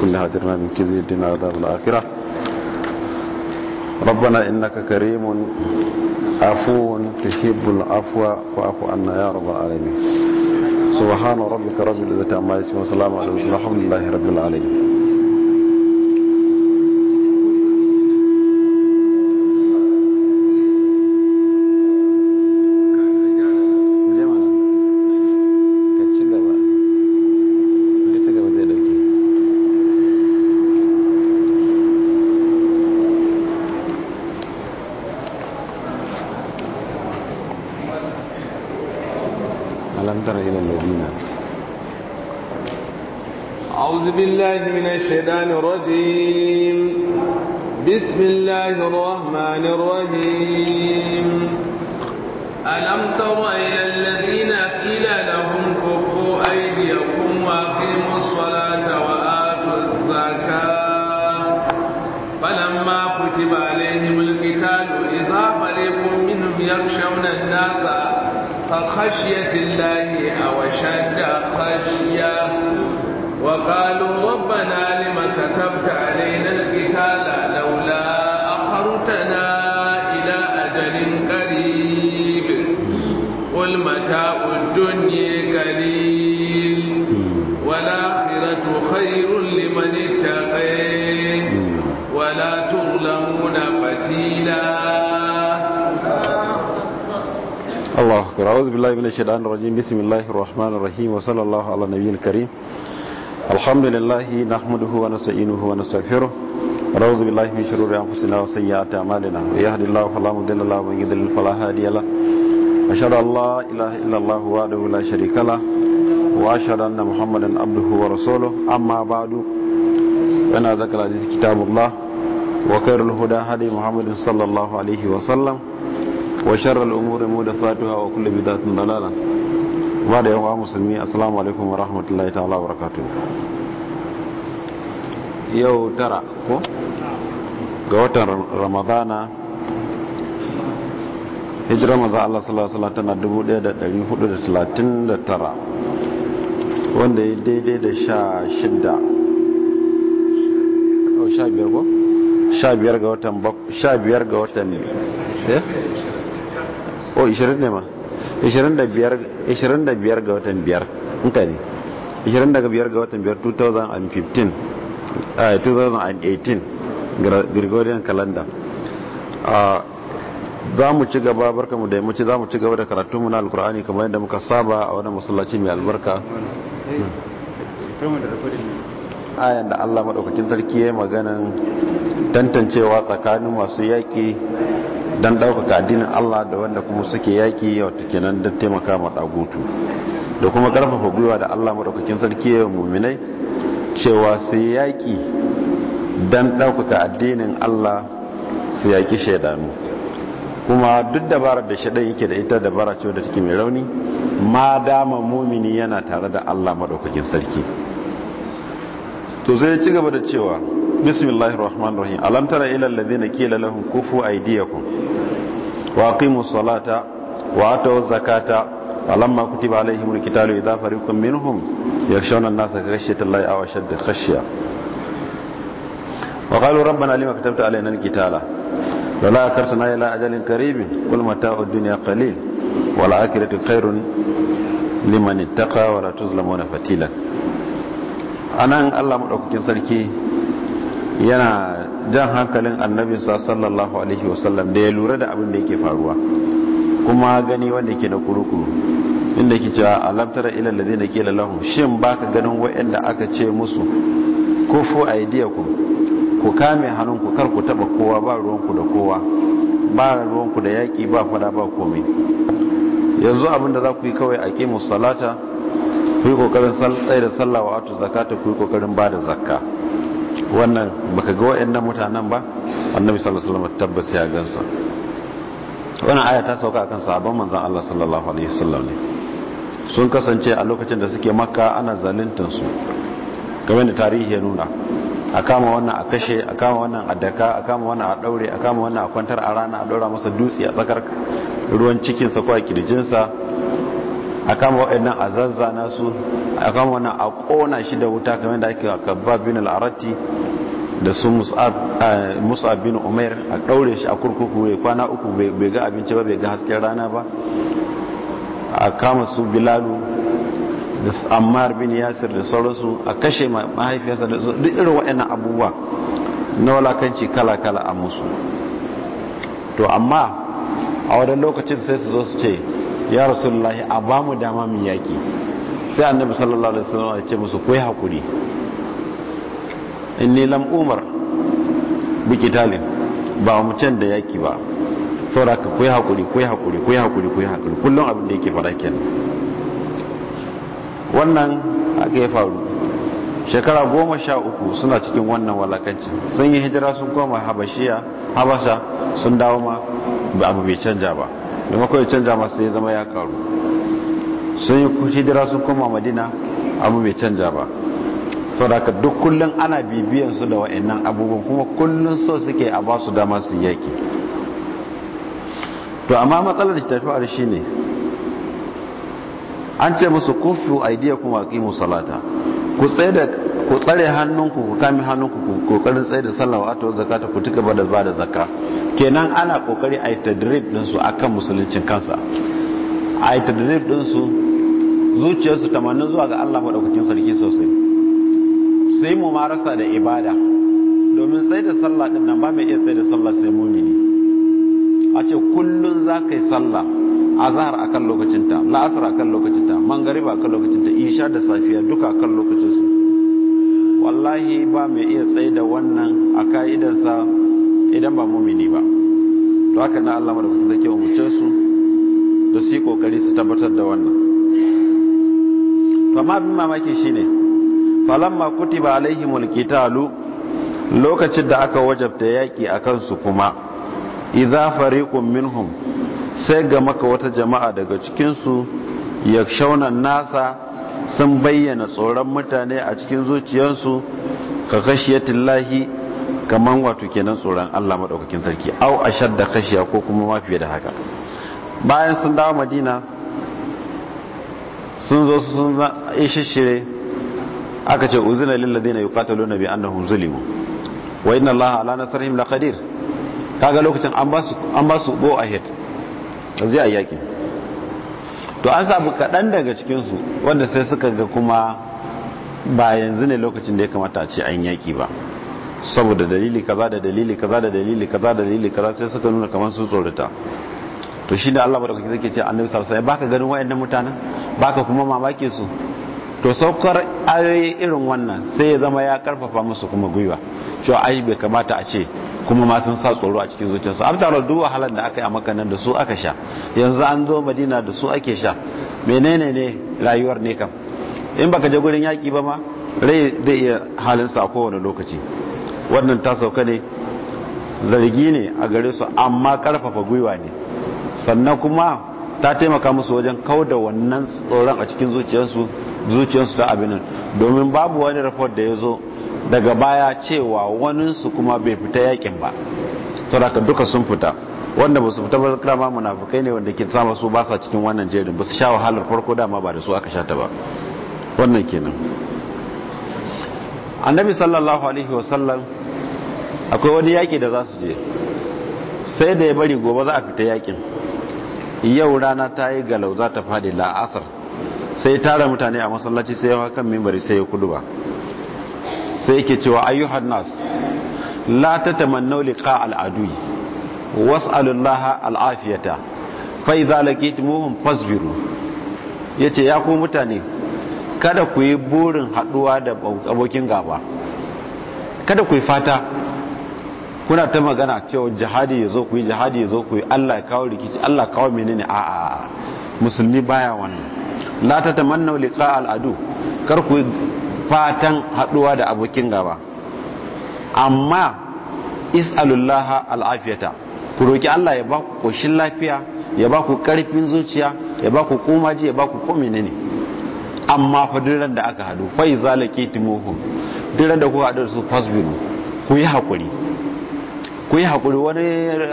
كل هاترنا من كذي الدنيا ودار الآخرة ربنا إنك كريم عفو تحب العفو فعفو عنا يا رب العالمين سبحان ربك رب العزة عما يسمى وسلام على رسول والحمد لله رب العالمين بالله من الشيطان الرجيم بسم الله الرحمن الرحيم ألم تر إلى الذين قيل لهم كفوا أيديكم وأقيموا الصلاة وآتوا الزكاة فلما كتب عليهم القتال إذا فريق منهم يخشون الناس فخشية الله أو شد خشية وقالوا ربنا لما كتبت علينا القتال لولا أخرتنا إلى أجل قريب قل متاع الدنيا قليل والآخرة خير لمن اتقي ولا تظلمون فتيلا الله أكبر أعوذ بالله من الشيطان الرجيم بسم الله الرحمن الرحيم وصلى الله على النبي الكريم الحمد لله نحمده ونستعينه ونستغفره ونعوذ بالله من شرور انفسنا وسيئات اعمالنا من يهد الله فلا مضل له ومن يضلل فلا هادي له اشهد ان لا اله الا الله وحده لا شريك له واشهد ان محمدا عبده ورسوله اما بعد فان ذكر الحديث كتاب الله وخير الهدى هدي محمد صلى الله عليه وسلم وشر الامور محدثاتها وكل بدعه ضلاله ba da yawa musulmi assalamu alaikum wa rahmatullahi ta'ala wa rakatu yau tara ko ga watan ramadana hijira maza Allah sallallahu alaihi tana 1439 wanda ya daidai da sha shida sha biyar ko sha biyar ga watan sha biyar ga watan ne eh o 20 ne ma 25 ga watan 5 inka ne 25 ga watan 5 2015 2018 gregorian calendar za mu ci gaba barka mu da yammaci za mu ci gaba da karatu muna alkur'ani kamar yadda muka saba a wani masallaci mai albarka a yadda allah maɗaukakin sarki ya yi maganin tantancewa tsakanin masu yaƙi don ɗaukaka addinin Allah da wanda kuma suke yaki yau ta kenan don taimaka ma ɗagutu da kuma ƙarfafa gwiwa da Allah maɗaukakin sarki ya muminai cewa su yaƙi don ɗaukaka addinin Allah su yaƙi shaidanu kuma duk dabarar da shaidan yake da ita dabara ce da take mai rauni ma dama mumini yana tare da Allah maɗaukakin sarki to sai ya ci gaba da cewa bismillahirrahmanirrahim rahim alam tara ila alladhina qila lahum kufu aydiyakum واقيموا الصلاة وآتوا الزكاة فلما كتب عليهم القتال إذا فريق منهم يخشون الناس كخشية الله أو أشد خشية وقالوا ربنا لما كتبت علينا القتال لولا أكرتنا إلى أجل قريب قل متاع الدنيا قليل والآخرة خير liman ittaqa wala tuzlamuna fatila anan Allah madaukakin sarki yana jan hankalin annabi sallallahu alaihi wasallam da ya lura da abin da yake faruwa kuma gani wanda yake da kurukuru inda ke cewa alamtara ilal ladina qila lahum shin baka ganin wa'anda aka ce musu ko fu aydiyakum ku ku kame hannunku kar ku taba kowa ba ruwanku da kowa ba ruwanku da yaki ba fada ba komai yanzu abin da za ku yi kawai a ke salata ku yi kokarin tsaye da sallah wa zakata ku yi kokarin ba da zakka wannan baka ga wayannan mutanen ba annabi sallallahu alaihi wasallam tabbas ya gansa. wannan aya ta sauka akan sahabban manzon Allah sallallahu alaihi wasallam ne sun kasance a lokacin da suke makka ana zaluntar su game da tarihi ya nuna a kama wannan a kashe a kama wannan a daka a kama wannan a daure a kama wannan a kwantar a rana a daura masa dutse a tsakar ruwan cikinsa ko a kirjinsa a kama waɗannan a zanzana su a kama wannan a ƙona shi da wuta kamar da ake a bin al'arati da su Musa bin umair a ɗaure shi a kurkuku mai kwana uku bai ga abinci ba bai ga hasken rana ba a kama su bilalu da ammar bin yasir da sauransu a kashe mahaifiyarsa da duk irin waɗannan abubuwa na walakanci kala-kala a musu to amma a wadannan lokacin sai su zo su ce ya rasulullah a ba mu dama mu yaki sai annabi sallallahu alaihi wasallam ya ce musu ku yi hakuri inni lam umar bi kitalin ba mu can da yaki ba saboda ka ku yi hakuri ku yi hakuri ku yi hakuri ku yi hakuri kullum abin da yake fara kenan wannan aka yi faru shekara goma sha uku suna cikin wannan walakancin sun yi hijira sun koma habashiya habasha sun dawo ma abu bai canja ba da makwai canza masu ya zama ya karu sun yi kushidira sun koma madina abu bai canja ba saboda duk kullum ana bibiyan su da wa'annan abubuwan kuma kullum so suke a ba su dama su yaki to amma matsalar da tafiyar shi ne an ce musu kufu aidiya kuma aqimu musalata ku tsaye da ku tsare hannunku ku kame hannunku ku kokarin tsaye da sallah wato zakata ku tuka bada ba da zakka kenan ana kokari a yi tadrib din su akan musuluncin kansa a yi tadrib din su zuciyarsu tamanin zuwa ga Allah madaukakin sarki sosai sai mu marasa da ibada domin tsaye da sallah din nan ba mai iya tsaye da sallah sai mumini a ce kullun za ka yi sallah azhar akan lokacinta la'asar akan lokacinta mangariba akan lokacinta isha da safiya duka akan lokacinsu wallahi ba mai iya tsaye da wannan a ka'idarsa idan ba mumini ba to haka na Allah madaukakin zake umurce su da su yi kokari su tabbatar da wannan to ma bin mamaki shine alaihi kutiba alaihimul qitalu lokacin da aka wajabta yaki akan su kuma idza fariqun minhum sai ga maka wata jama'a daga cikinsu su yakshawna nasa sun bayyana tsoron mutane a cikin zuciyarsu ka kashiyatin lahi kamar wato kenan tsoron Allah maɗaukakin sarki au a shadda kashiya ko kuma ma da haka bayan sun dawo madina sun zo su sun ishishire aka ce uzina na biyan bi hun zulimu wa inna allaha ala nasrihim kadir kaga lokacin an ba su go ahead zai a yakin to an samu kaɗan daga cikinsu wanda sai suka ga kuma ba yanzu ne lokacin da ya kamata a ce an yaƙi ba saboda dalili kaza da dalili kaza da dalili kaza da dalili kaza sai suka nuna kamar sun tsorata to shi da Allah madaukaki zai ce annabi sallallahu alaihi wasallam baka ganin wayannan mutanen baka kuma mamake su to saukar ayoyi irin wannan sai ya zama ya karfafa musu kuma gwiwa cewa ai bai kamata a ce kuma ma sun sa tsoro a cikin zuciyarsu after all duk wahalar da aka yi a makanan da su aka sha yanzu an zo madina da su ake sha menene ne rayuwar ne kam in baka je gurin yaki ba ma rai zai iya halin sa kowane lokaci wannan ta sauka ne zargi ne a gare su amma karfafa gwiwa ne sannan kuma ta taimaka musu wajen kauda wannan tsoron a cikin zuciyarsu zuciyarsu ta abin nan domin babu wani rafot da ya zo daga baya cewa waninsu kuma bai fita yakin ba saboda duka sun fita wanda ba su fita ba ma munafukai ne wanda ke sama su ba sa cikin wannan jerin ba su sha wahalar farko dama ba da su aka sha ta ba wannan kenan annabi sallallahu alaihi wasallam akwai wani yaki da za su je sai da ya bari gobe za a fita yakin yau rana ta yi galau za ta faɗi la'asar sai tara mutane a masallaci sai yawa kan mimbari sai ya kudu ba sai yake cewa ayyuhan nas la tatamannu liqa al'adu al al'afiyata fa idza laqitumuhum fasbiru yace ya ku mutane kada ku yi burin haduwa da abokin gaba kada ku yi fata kuna ta magana cewa jihadi ya zo ku yi jihadi ya zo ku yi Allah ya kawo rikici Allah ya kawo menene a'a musulmi baya wannan la ta tamanna liqa al'adu kar ku fatan haɗuwa da abokin gaba amma is'alullaha al'afiyata ku roki Allah ya ba ku koshin lafiya ya ba ku karfin zuciya ya ba ku komaji ya ba ku ko menene amma fa duran da aka hadu fa iza laqitumuhum duran da ku hadu su fasbiru ku yi hakuri ku yi hakuri wani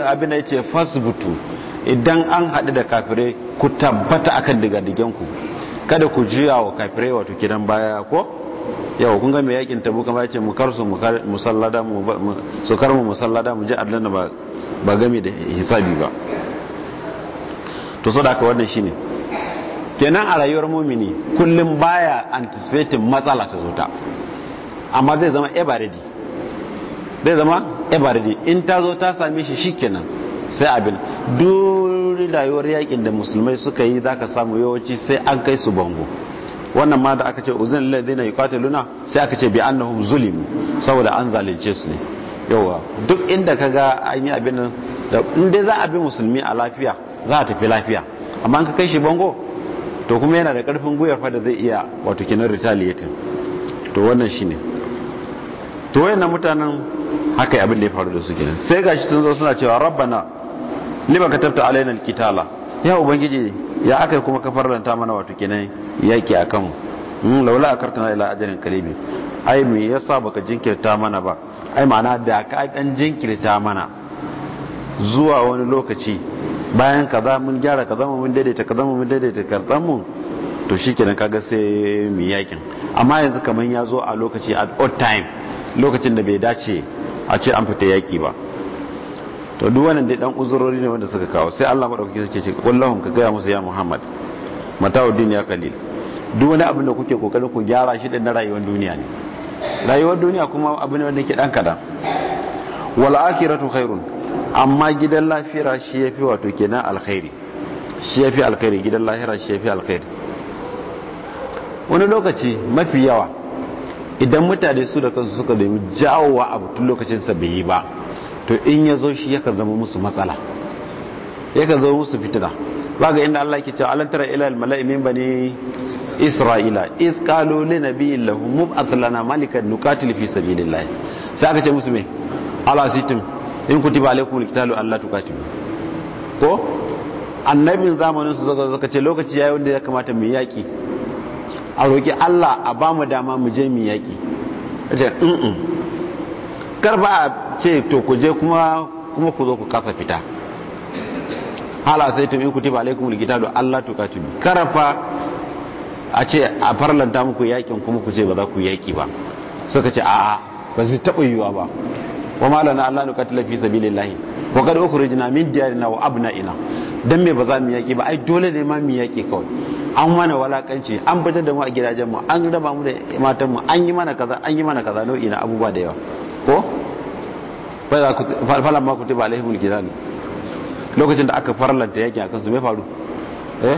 abin da yace fasbutu idan an haɗu da kafirai ku tabbata akan digadigen ku kada ku juya wa kafirai wato kidan baya ko yau kun ga mai yakin tabu kamar ce mu karsu musallada mu su mu musallada mu ji aljanna ba ba game da hisabi ba to sadaka wannan shine kenan a rayuwar mumini kullum baya anticipating matsala ta zo ta amma zai zama ever ready zai zama ever ready in ta zo ta same shi shikenan sai abin duk matsaloli rayuwar yakin da musulmai suka yi zaka samu yawanci sai an kai su bango wannan ma da aka ce uzun alladhina luna sai aka ce bi annahum zulim saboda an zalunce su ne yawa duk inda kaga an yi abin da in dai za a bi musulmi a lafiya za a tafi lafiya amma an ka kai shi bango to kuma yana da karfin guyar fa da zai iya wato kinan retaliating to wannan shine to wayannan mutanen haka abin da ya faru da su kenan sai gashi sun zo suna cewa rabbana lima katabta alaina kitala ya ubangiji ya aka kuma ka farlanta mana wato kenan yaki akan mu mun hmm, laula akartana ila ajalin qaribi ai me yasa baka jinkirta mana ba ai ma'ana da ka dan jinkirta mana zuwa wani lokaci bayan kaza mun gyara kaza mun daidaita kaza mun daidaita kaza mun to shikenan kaga sai mu yakin amma yanzu kaman ya zo a lokaci at odd time lokacin da bai dace a ce an fita yaki ba to duk wannan dai dan uzurori ne wanda suka kawo sai Allah madaukaki yake ce wallahum ka gaya musu ya Muhammad din ya kalil duk wani abin da kuke kokarin ku gyara shi da na rayuwar duniya ne rayuwar duniya kuma abu ne wanda ke dan kada wal akhiratu khairun amma gidan lafira shi yafi wato kenan alkhairi shi yafi alkhairi gidan lahira shi yafi alkhairi wani lokaci mafi yawa idan mutane su da kansu suka da jawowa abu tun lokacin sa bai yi ba to in ya zo shi yakan zama musu matsala yakan zama musu fitina ba ga inda Allah ke cewa alantara ila almala'i min bani isra'ila is qalu li nabiyyin lahum mub'ath lana malikan nuqatil fi sabilillah sai aka ce musu me ala sitim in kutiba alaikum alqitalu Allah tuqatilu ko annabin zamanin su zaka zaka ce lokaci yayi wanda ya kamata mu yaki a roki Allah a ba mu dama mu je mu yaki a ce kar ba a ce to ku je kuma kuma ku zo ku kasa fita hala sai tun in kutiba alaikum alkitabu Allah tuqatilu karafa a ce a farlanta muku yakin kuma ku ce ba za ku yaki ba suka ce a'a ba su taba yiwa ba wa malana Allah nuqatila fi sabilillah wa qad ukhrijna min diyarina wa abna'ina dan me ba za mu yaki ba ai dole ne ma mu yaki kawai an mana walakanci an fitar da mu a gidajen mu an raba mu da matan mu an yi mana kaza an yi mana kaza nau'i na abubuwa da yawa ko bai ma ku tiba alaihimul lokacin da aka farlanta yaki akan su mai faru eh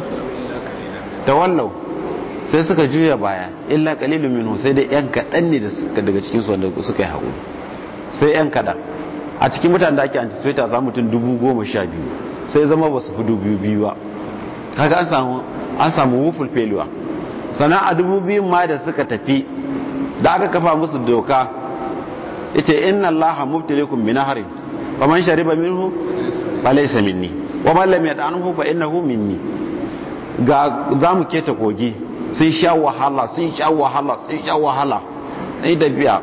wannan sai suka juya baya illa kalilun minhu sai dai yan kadan ne da daga cikin su wanda suka yi haƙuri. sai yan kadan a cikin mutanen da ake anticipate za mutum dubu goma sha biyu sai zama ba su fi dubu biyu ba kaga an samu an samu wuful failure sannan a dubu biyun ma da suka tafi da aka kafa musu doka yace inna allaha mubtaliikum bi nahrin wa man shariba minhu fa laysa minni wa man lam yad'anhu fa innahu minni ga zamu keta kogi sun sha wahala sun sha wahala sun sha wahala ai da biya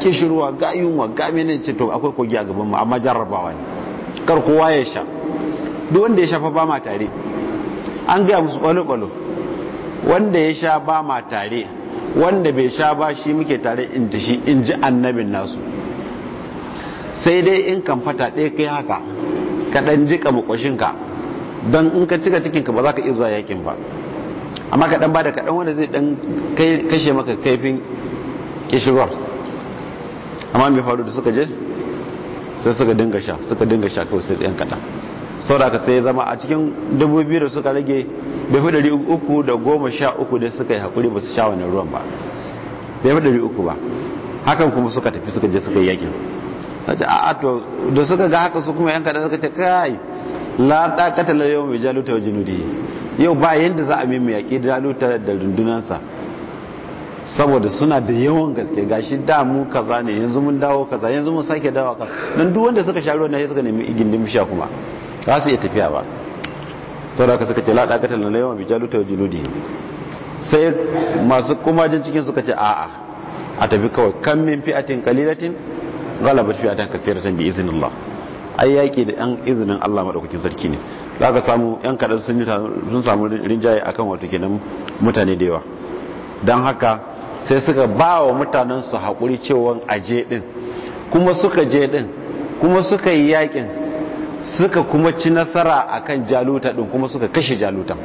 ke shiruwa ga yunwa ga menene ce to akwai kogi a gaban mu amma jarrabawa ne kar kowa ya sha duk wanda ya sha fa ba ma tare an gaya musu balo balo wanda ya sha ba ma tare wanda bai sha ba shi muke tare in shi in ji annabin nasu sai dai in kan fata ɗaya kai haka ka ɗan ka makwashinka don in ka cika cikinka ba za ka iya zuwa yakin ba amma ka ɗan ba da kaɗan wanda zai ɗan kashe maka kaifin kishirwar amma mai faru da suka je sai suka dinga sha suka dinga kawai sai ɗan kaɗan saboda sai zama a cikin dubu biyu da suka rage bai fi uku da goma sha uku da suka yi hakuri ba su sha wani ruwan ba bai fi uku ba hakan kuma suka tafi suka je suka yi yakin a to da suka ga haka su kuma yan da suka ce kai la ɗakata la yau mai jaluta wa yau ba yadda za a mai yaƙi jaluta da rundunansa saboda suna da yawan gaske gashi da mu kaza ne yanzu mun dawo kaza yanzu mun sake dawo ka don duk wanda suka sha ruwan nan suka nemi gindin bishiya kuma ba su iya tafiya ba sau da aka suka ce laɗa katal na yawan bijalu ta juludi sai masu jin cikin suka ce a'a a tafi kawai kan min fi'atin kalilatin galabar fi'atan kasiratan bi izinin Allah ai yaƙi da yan izinin Allah maɗaukakin sarki ne za ka samu yan kaɗan sun samu rinjaye akan wato kenan mutane da yawa don haka sai suka ba wa mutanen su haƙuri cewa aje ɗin kuma suka je ɗin kuma suka yi yaƙin suka kuma ci nasara akan jaluta din kuma suka kashe jalutan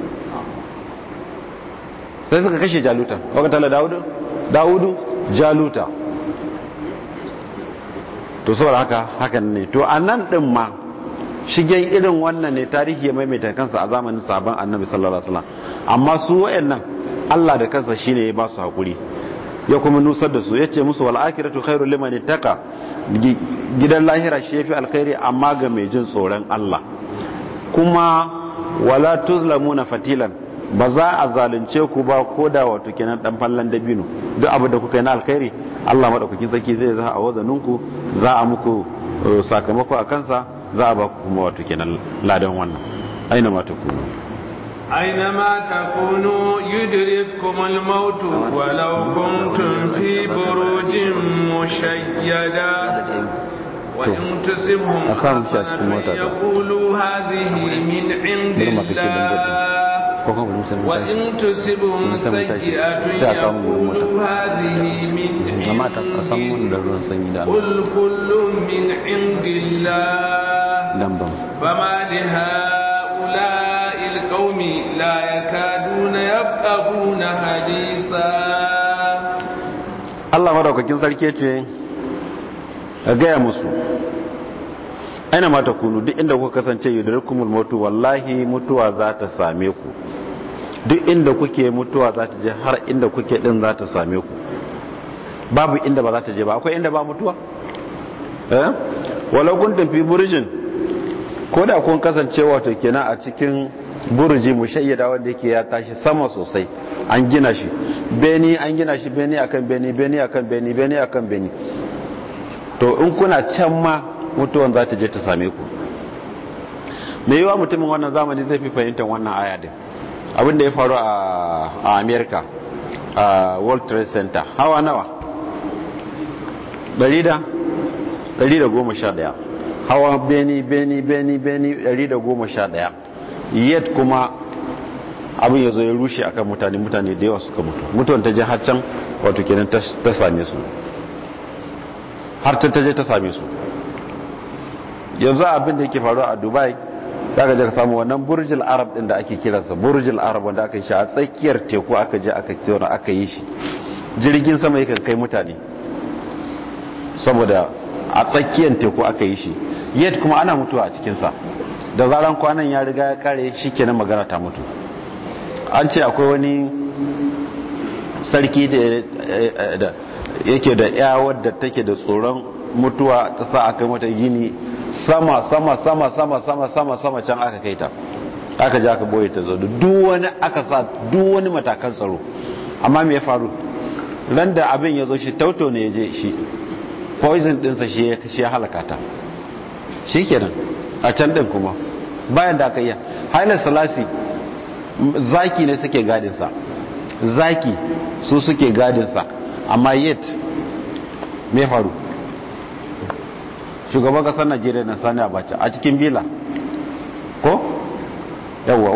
sai suka kashe jalutan wakatala dawudu dawudu jaluta to saboda haka hakan ne to a nan din ma shigen irin wannan ne tarihi ya maimaita kansa a zamanin sabon annabi sallallahu alaihi wasallam amma su wayannan Allah da kansa shine ya ba su hakuri ya kuma nusar da su ya ce musu wal akhiratu khairu liman ittaqa gidan lahira shi yafi alkhairi amma ga mai jin tsoron Allah kuma wala tuzlamuna fatilan ba za a zalunce ku ba ko da wato kenan dan fallan dabino duk abu da kuka yi na alkhairi Allah madaukakin sarki zai za a wazaninku za a muku uh, sakamako a kansa za a ba ku kuma wato kenan ladan wannan aina ma ta kuma أينما تكونوا يدرككم الموت ولو كنتم في بروج مشيدة وإن تصبهم حسنة يقولوا هذه من عند الله وإن تصبهم سيئة يقولوا هذه من عند قل كل من عند الله فما لهذا yakaduna يكادون hadisa Allah madaukakin sarki ce gaya musu aina ma kunu duk inda kuka kasance yudrikumul mautu wallahi mutuwa za ta same ku duk inda kuke mutuwa za ta je har inda kuke din za ta same ku babu inda ba za ta je ba akwai inda ba mutuwa eh walau kuntum fi burjin ko da kun kasance wato kenan a cikin burji mushayyada wanda yake ya tashi sama sosai an gina shi beni an gina shi beni akan beni beni akan beni beni akan beni to in kuna can ma mutuwan za ta je ta same ku me yawa mutumin wannan zamani zai fi fahimtar wannan aya din abin da ya faru a america a world trade center hawa nawa 111 hawa beni beni beni beni daya. yet kuma abin ya zo ya rushe akan mutane mutane da yawa suka mutu mutuwan ta je har can wato kenan ta same su har can ta je ta same su yanzu abin da yake faruwa a dubai za ka je ka samu wannan burjil arab din da ake kiransa burjil arab wanda aka yi shi a tsakiyar teku aka je aka tsona aka yi shi jirgin sama yakan kai mutane saboda a tsakiyar teku aka yi shi yet kuma ana mutuwa a cikinsa da zaran kwanan ya riga ya kare shi kenan magana ta mutu an ce akwai wani sarki da yake da ya wadda take da tsoron mutuwa ta sa aka mata gini sama sama sama sama sama sama sama can aka kai ta aka ji aka boye ta zaune duk wani aka sa duk wani matakan tsaro amma me ya faru ran da abin ya zo shi tauto ne ya je shi poison dinsa shi ya halaka ta shi kenan a can din kuma bayan da aka iya haina salasi zaki ne suke gadinsa zaki su suke gadinsa amma yet mai faru shugaban kasar najeriya na sani abacha a cikin bila ko yawwa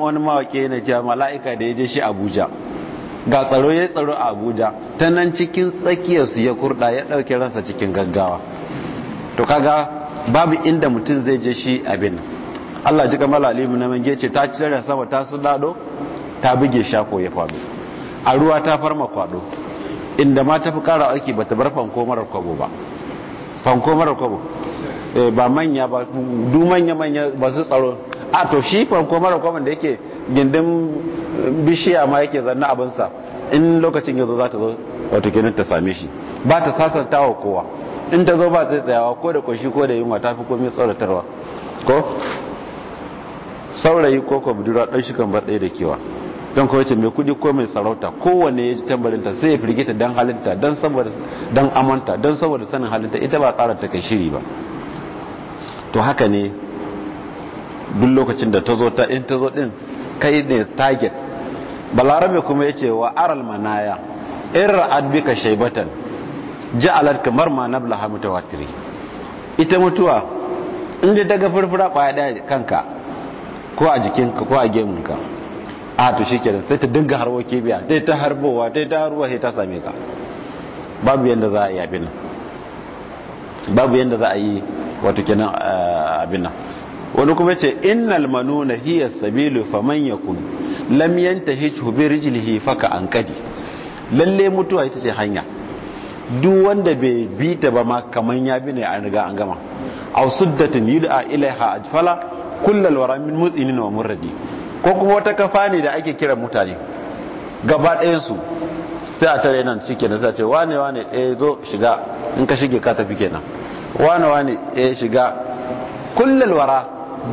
wani mawake na ce mala'ika da ya je shi abuja ga tsaro ya tsaro a abuja ta nan cikin tsakiyarsu ya kurda ya ɗauke ransa cikin gaggawa to kaga babu inda mutum zai je shi abin nan Allah ji kamar alimu na mange ce ta cire sama ta su dado ta buge shako ya faɗo a ruwa ta farma kwado inda ma ta fi kara aiki ba ta bar fanko marar kwabo ba fanko marar kwabo eh, ba manya ba du manya manya ba su tsaro a to shi fanko marar kwabo da yake gindin bishiya ma yake zanna abinsa in lokacin ya zo za ta zo wato kenan ta same shi ba ta sasanta wa kowa in ta zo ba sai tsayawa ko da kwashi ko da yunwa ta fi komai tsoratarwa ko saurayi ko ko budurwa ɗan shi kan bar ɗaya da kewa don kawai ce mai kudi ko mai sarauta kowane ya ji tambarinta sai ya firgita dan halinta don saboda dan amanta don saboda sanin halinta ita ba tsara ta kai shiri ba to haka ne duk lokacin da ta zo ta in ta zo din kai ne target balarabe kuma ya ce wa aral manaya in ra'ad bika shaibatan alar kamar ma ta mutawatiri ita mutuwa in da daga furfura kwaya daya kanka ko a jikinka ko a geminka a to shi kenan sai ta dinga harbo kibiya dai ta harbowa dai ta harbowa sai ta same ka babu yanda za a yi abin nan babu yanda za a yi wato kenan eh, abin nan wani kuma ce innal manuna hiya sabilu faman yakun lam yantahi bi rijlihi faka anqadi lalle mutuwa ita ce hanya duk wanda bai bi ta ba ma kaman ya bi ne an riga an gama aw suddatin yud'a ilaiha ajfala kullal wara min mutsinin wa murradi ko kuma wata kafa ne da ake kiran mutane gaba ɗayan su sai a tare nan shi kenan sai ce wane wane eh zo shiga in ka shige ka tafi kenan wane wane eh shiga kullal wara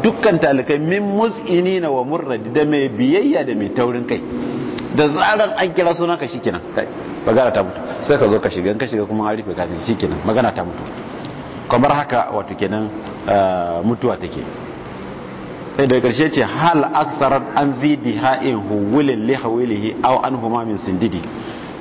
dukkan talikai min mutsinin wa murradi da mai biyayya da mai taurin kai da zaran an kira suna ka shi nan kai magana ta mutu sai ka zo ka shiga in ka shiga kuma an rufe kafin shi magana ta mutu kamar haka wato kenan ah, mutuwa take sai daga karshe ce hal aksarar an zidi ha'in huwilin lihawilihi au an huma min sindidi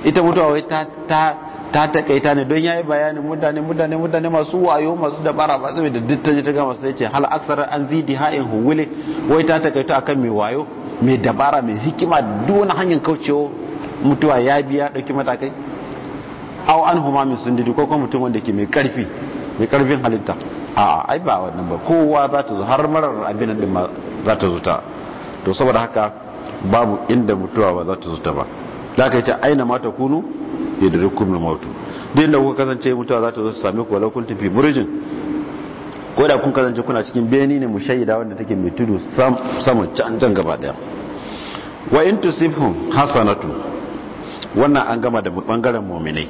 ita mutuwa wai ta ta ta takaita ne don yayi bayanin mutane mutane mutane masu wayo masu da bara ba saboda duk ta ta gama sai ce hal aksarar an zidi ha'in huwilin wai ta takaita akan mai wayo mai dabara mai hikima duk wani hanyar kaucewa mutuwa ya biya dauki matakai au an huma min sindidi ko kuma mutum wanda ke mai karfi mai karfin halitta a ai ba wannan ba kowa za ta zo har marar abin din ma za ta zo to saboda haka babu inda mutuwa ba za ta zo ta ba za ka ce ta aina mata kunu ya da rikun mautu duk inda kuka kasance mutuwa za ta zo ta same ku walau kun tafi murjin ko da kun kasance kuna cikin beni ne mu shaida wanda take mai tudu saman can can gaba daya wa in tusifhum hasanatu wannan an gama da bangaren mu'minai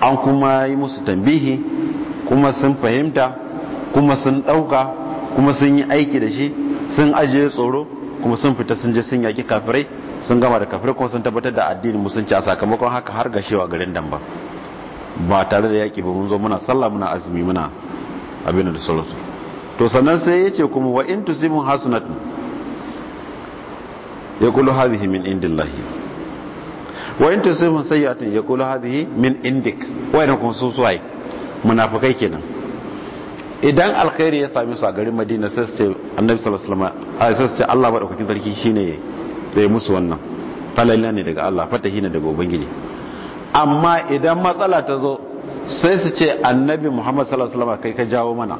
an kuma yi musu tambihi kuma sun fahimta kuma sun ɗauka kuma sun yi aiki da shi sun ajiye tsoro kuma sun fita sun je sun yaƙi kafirai sun gama da kafirai kuma sun tabbatar da addinin musulunci a sakamakon haka har ga shewa garin dan ba ba tare da yaƙi ba mun zo muna sallah muna azumi muna abin da salatu to sannan sai ya ce kuma wa in tusimu hasunatun ya kulu hadhihi min indillahi wa in tusibhum ya yaqulu hadhihi min indik wa in su suwai munafikai kenan idan alkhairi ya sami su a garin madina sai su ce annabi sallallahu alaihi wasallam su ce Allah madaukakin sarki ne ya musu wannan falalina ne daga Allah fatahi ne daga ubangiji amma idan matsala ta zo sai su ce annabi Muhammad sallallahu alaihi kai ka jawo mana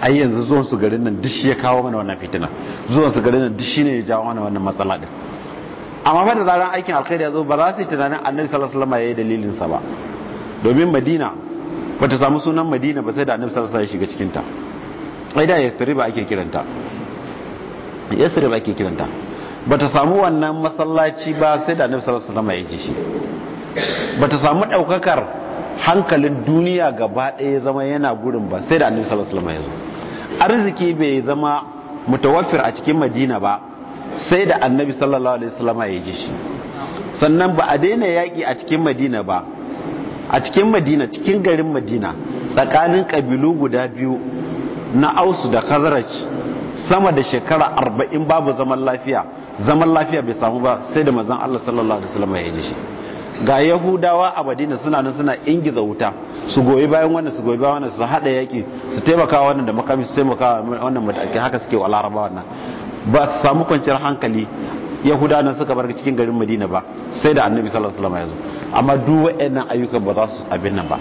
ai yanzu zuwan su garin nan duk shi ya kawo mana wannan fitina zuwan su garin nan duk ne ya jawo mana wannan matsala din amma fa da zaran aikin alkhairi ya zo ba za su yi tunanin annabi sallallahu alaihi ya yi dalilinsa ba domin madina bata samu sunan madina ba sai da annabi sallallahu alaihi wasallam ya shiga cikin ta ai da yasrib ake kiranta yasrib ake kiranta bata samu wannan masallaci ba sai da annabi sallallahu alaihi wasallam ya shi bata samu daukakar hankalin duniya gaba ɗaya zama yana gurin ba sai da annabi sallallahu alaihi wasallam ya zo arziki bai zama mutawaffir a cikin madina ba sai da annabi sallallahu alaihi wasallam ya ji shi sannan ba a daina yaki a cikin madina ba a cikin madina cikin garin madina tsakanin kabilu guda biyu na ausu da kazarac sama da shekara arba'in babu zaman lafiya zaman lafiya bai samu ba sai da mazan allah sallallahu alaihi wasallam ya ji shi ga yahudawa a madina suna nan suna ingiza wuta su goyi bayan wannan su goyi bayan wannan su hada yaki su taimaka wannan da makami su taimaka wannan mataki haka suke wa laraba wannan ba su samu kwanciyar hankali yahudawa suka bar cikin garin madina ba sai da annabi sallallahu alaihi wasallam ya zo amma duk waɗannan ayyukan ba za su abin nan ba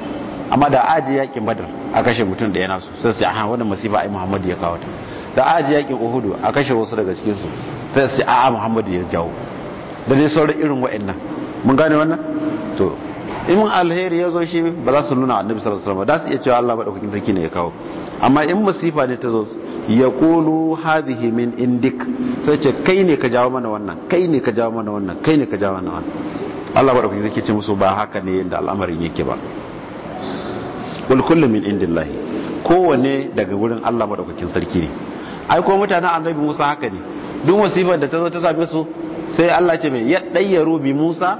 amma da aji yakin badar a kashe mutum da yana su sai sai aha wani masifa ai muhammadu ya kawo ta da aji yakin uhudu a kashe wasu daga cikin su sai sai a'a muhammadu ya jawo da dai sauran irin wa'annan mun gane wannan to in alheri ya zo shi ba za su nuna annabi sallallahu alaihi wasallam ba za su iya cewa Allah madaukakin sarki ne ya kawo amma in masifa ne ta zo ya kulu hadhihi min indik sai ce kai ne ka jawo mana wannan kai ne ka jawo mana wannan kai ne ka jawo mana wannan Allah ba da ke ce musu ba haka ne da al'amarin yake ba kul kullu min indillahi kowanne daga wurin Allah madaukakin sarki ne ai ko mutanen annabi Musa haka ne duk musibar da ta zo ta same su sai Allah ce mai yadayyaru bi Musa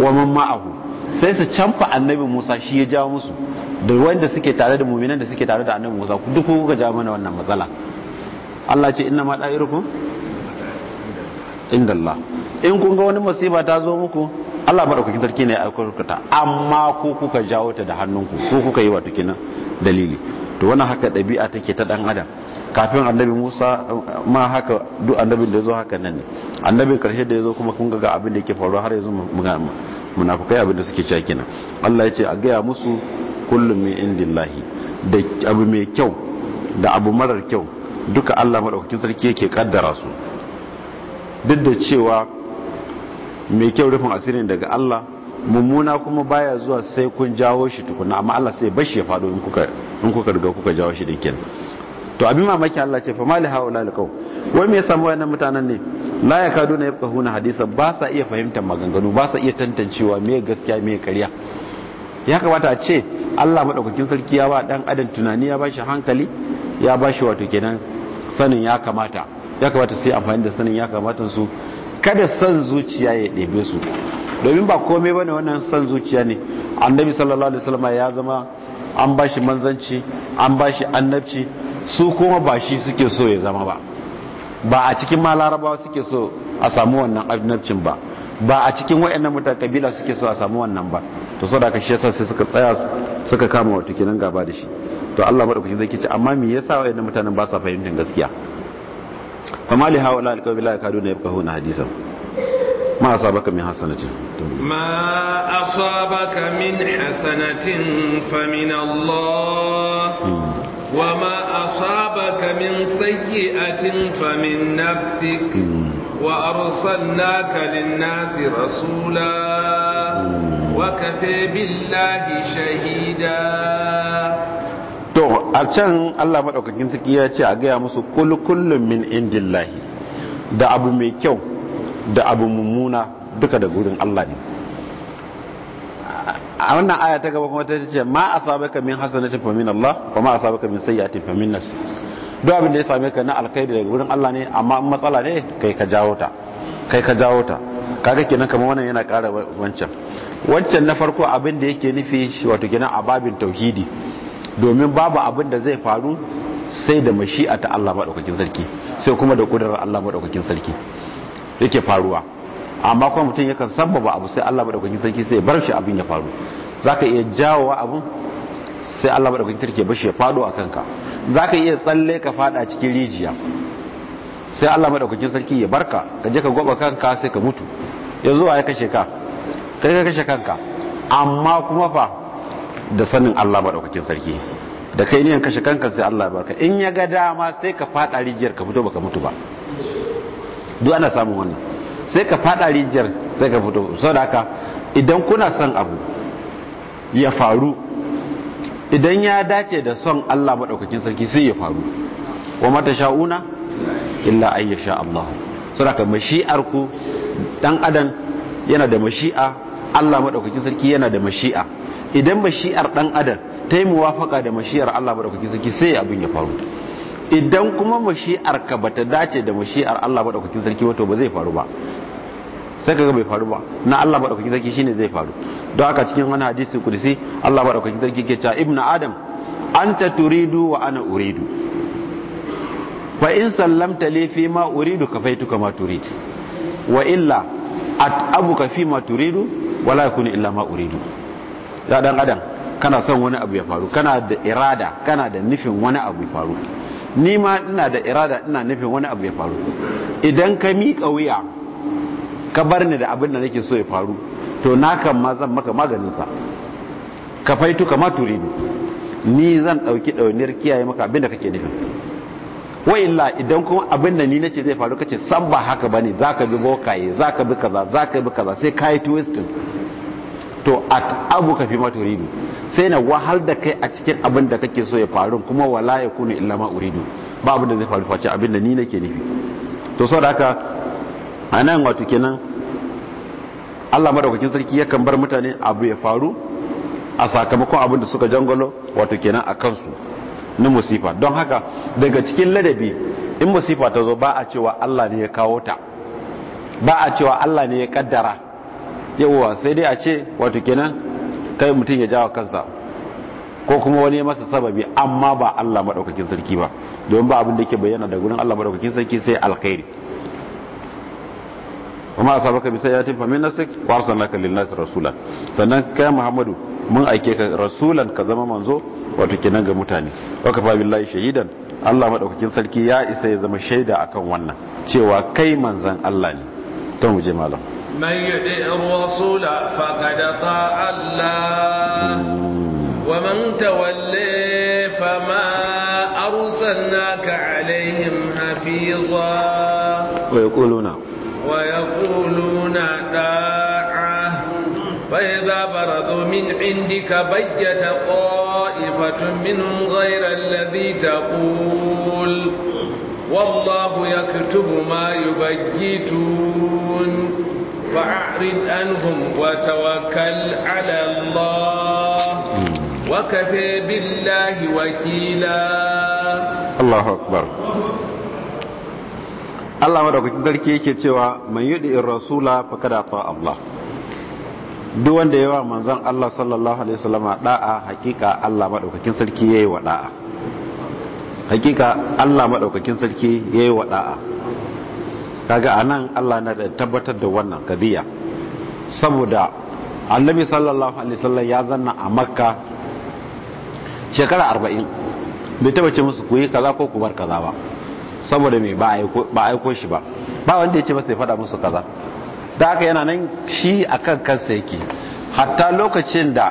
wa man ma'ahu sai su canfa annabi Musa shi ya jawo musu da wanda suke tare da mu'minan da suke tare da annabi Musa duk kuka jawo mana wannan matsala Allah ce inna ma da'irukum indallah in kun ga wani musiba ta zo muku Allah madaukakin sarki ne a aiko amma ku kuka jawo ta da hannunku ku kuka yi wato kenan dalili to wannan haka dabi'a take ta dan adam kafin annabi Musa ma haka duk annabin da ya zo haka nan ne annabin karshe da ya zo kuma kun ga abin da yake faruwa har yanzu munafukai abin da suke cewa kenan Allah ya ce a gaya musu kullum min indillahi da abu mai kyau da abu marar kyau duka Allah madaukakin sarki yake kaddara su duk da cewa mai kyau rufin asirin daga Allah mummuna kuma baya zuwa sai kun jawo shi tukuna amma Allah sai bashi ya faɗo in kuka riga kuka jawo shi da kyan to abin mamaki Allah ce fa mali haula kau wai me yasa wayannan mutanen ne la yafka huna hadisa ba sa iya fahimtar maganganu ba sa iya tantancewa me gaskiya me ƙarya ya kamata a ce Allah madaukakin sarki ya ba dan adam tunani ya bashi hankali ya bashi wato kenan sanin ya kamata ya kamata sai amfani da sanin ya kamata su kada san zuciya ya ɗebe su domin ba komai ne wannan san zuciya ne annabi sallallahu alaihi wasallam ya zama an bashi manzanci an bashi annabci su kuma ba shi suke so ya zama ba ba a cikin ma larabawa suke so a samu wannan annabcin ba ba a cikin wayannan mutane kabila suke so a samu wannan ba to saboda ka shi sai suka tsaya suka kama wato kenan gaba da shi to Allah madaukakin zai ce amma me yasa wayannan mutanen ba sa fahimtar gaskiya فما لهؤلاء القوم لا يكادون يفقهون حديثا ما أصابك من حسنة ما أصابك من حسنة فمن الله وما أصابك من سيئة فمن نفسك وأرسلناك للناس رسولا وكفى بالله شهيدا to a can Allah maɗaukakin sarki ya ce a gaya musu kullum min indillahi da abu mai kyau da abu mummuna duka da gudun Allah ne a wannan aya ta gaba kuma ta ce ma a asabaka min hasanatin fa min Allah ba ma a asabaka min sayyi'atin fa min nafsi duk abin da ya same ka na alkhairi daga gudun Allah ne amma in matsala ne kai ka jawo ta kai ka jawo ta kaga kenan kamar wannan yana ƙara wancan wancan na farko abin da yake nufi wato kenan a babin tauhidi domin babu abin da zai faru sai da a ta Allah maɗaukakin sarki sai kuma da ƙudurar Allah maɗaukakin sarki yake faruwa amma kuma mutum yakan sababa abu sai Allah maɗaukakin sarki sai bar shi abin ya faru za ka iya jawo abin sai Allah maɗaukakin sarki ya bashi ya faɗo a kanka za ka iya tsalle ka faɗa cikin rijiya sai Allah maɗaukakin sarki ya barka ka je ka gwaba kanka sai ka mutu ya zo a ya kashe ka kai ka kashe kanka amma kuma fa da sanin Allah maɗaukakin sarki da kai niyan kashe kanka sai Allah barka in ya ga dama sai ka fada rijiyar ka fito baka mutu ba duk ana samun wannan sai ka fada rijiyar sai ka fito saboda haka idan kuna son abu ya faru idan ya dace da son Allah madaukakin sarki sai ya faru wa mata sha'una illa ay yasha Allah saboda haka mashi'ar ku dan adam yana da mashi'a Allah madaukakin sarki yana da mashi'a idan mashi'ar dan adam ta yi muwafaka da mashi'ar Allah madaukakin sarki sai abin ya faru idan kuma mashi'ar ka bata dace da mashi'ar Allah madaukakin sarki wato ba zai faru ba sai kaga bai faru ba na Allah madaukakin sarki shine zai faru don haka cikin wani hadisi kudusi Allah madaukakin sarki ke cewa ibnu adam anta turidu wa ana uridu fa in sallamta li fi ma uridu ka kafaituka ma turid wa illa at'abuka fi ma turidu wala yakunu illa ma uridu ya dan adam kana son wani abu ya faru kana da irada kana da nufin wani abu ya faru ni ma ina da irada ina nufin wani abu ya faru idan ka miƙa wuya ka bar ni da abin da nake so ya faru to na kan ma zan maka maganin sa ka faitu kama turidu ni zan ɗauki ɗauniyar kiyaye maka abin da kake nufin wa illa idan kuma abin da ni nace zai faru kace san ba haka bane zaka bi bokaye zaka bi kaza zaka bi kaza sai kai twisting to abu ka fi mata ridu sai na wahal da kai a cikin abin da kake so ya faru kuma wala ya kunu illa ma uridu ba abin da zai faru face abin da ni nake nufi to saboda haka anan wato kenan Allah madaukakin sarki yakan bar mutane abu ya faru a sakamakon abin da suka jangolo wato kenan a kansu na musifa don haka daga cikin ladabi in musifa ta zo ba a cewa Allah ne ya kawo ta ba a cewa Allah ne ya kaddara yawwa sai dai a ce wato kenan kai mutum ya jawo kansa ko kuma wani ya masa sababi amma ba Allah madaukakin sarki ba domin ba abin da yake bayyana da gurin Allah madaukakin sarki sai alkhairi kuma asabaka bi sayyatin fa min nasik wa arsalnaka lin nas rasula sannan kai Muhammadu mun aike ka rasulan ka zama manzo wato kenan ga mutane wa kafa billahi shahidan Allah maɗaukakin sarki ya isa ya zama shaida akan wannan cewa kai manzan Allah ne to mu je malam من يطع الرسول فقد طاع الله ومن تولي فما أرسلناك عليهم حفيظا ويقولون ويقولون داعة فإذا برزوا من عندك بجت طائفة منهم غير الذي تقول والله يكتب ما يبجتون فأعرض عنهم وتوكل على الله وكفى بالله وكيلا الله أكبر Allah madaukakin sarki yake cewa man yudi in rasula fa kada ta Allah duk wanda yawa manzon Allah sallallahu alaihi wasallama da'a hakika Allah ma daukakin sarki yayi wada'a hakika Allah ma daukakin sarki yayi wada'a kaga nan Allah na da tabbatar da wannan kadiya saboda annabi sallallahu alaihi wasallam ya zanna a makka shekara 40 bai tabbace musu ku yi kaza ko ku bar kaza ba saboda me ba aiko shi ba ba wanda ya ce masa ya faɗa musu kaza da aka yana nan shi akan kansa yake hatta lokacin da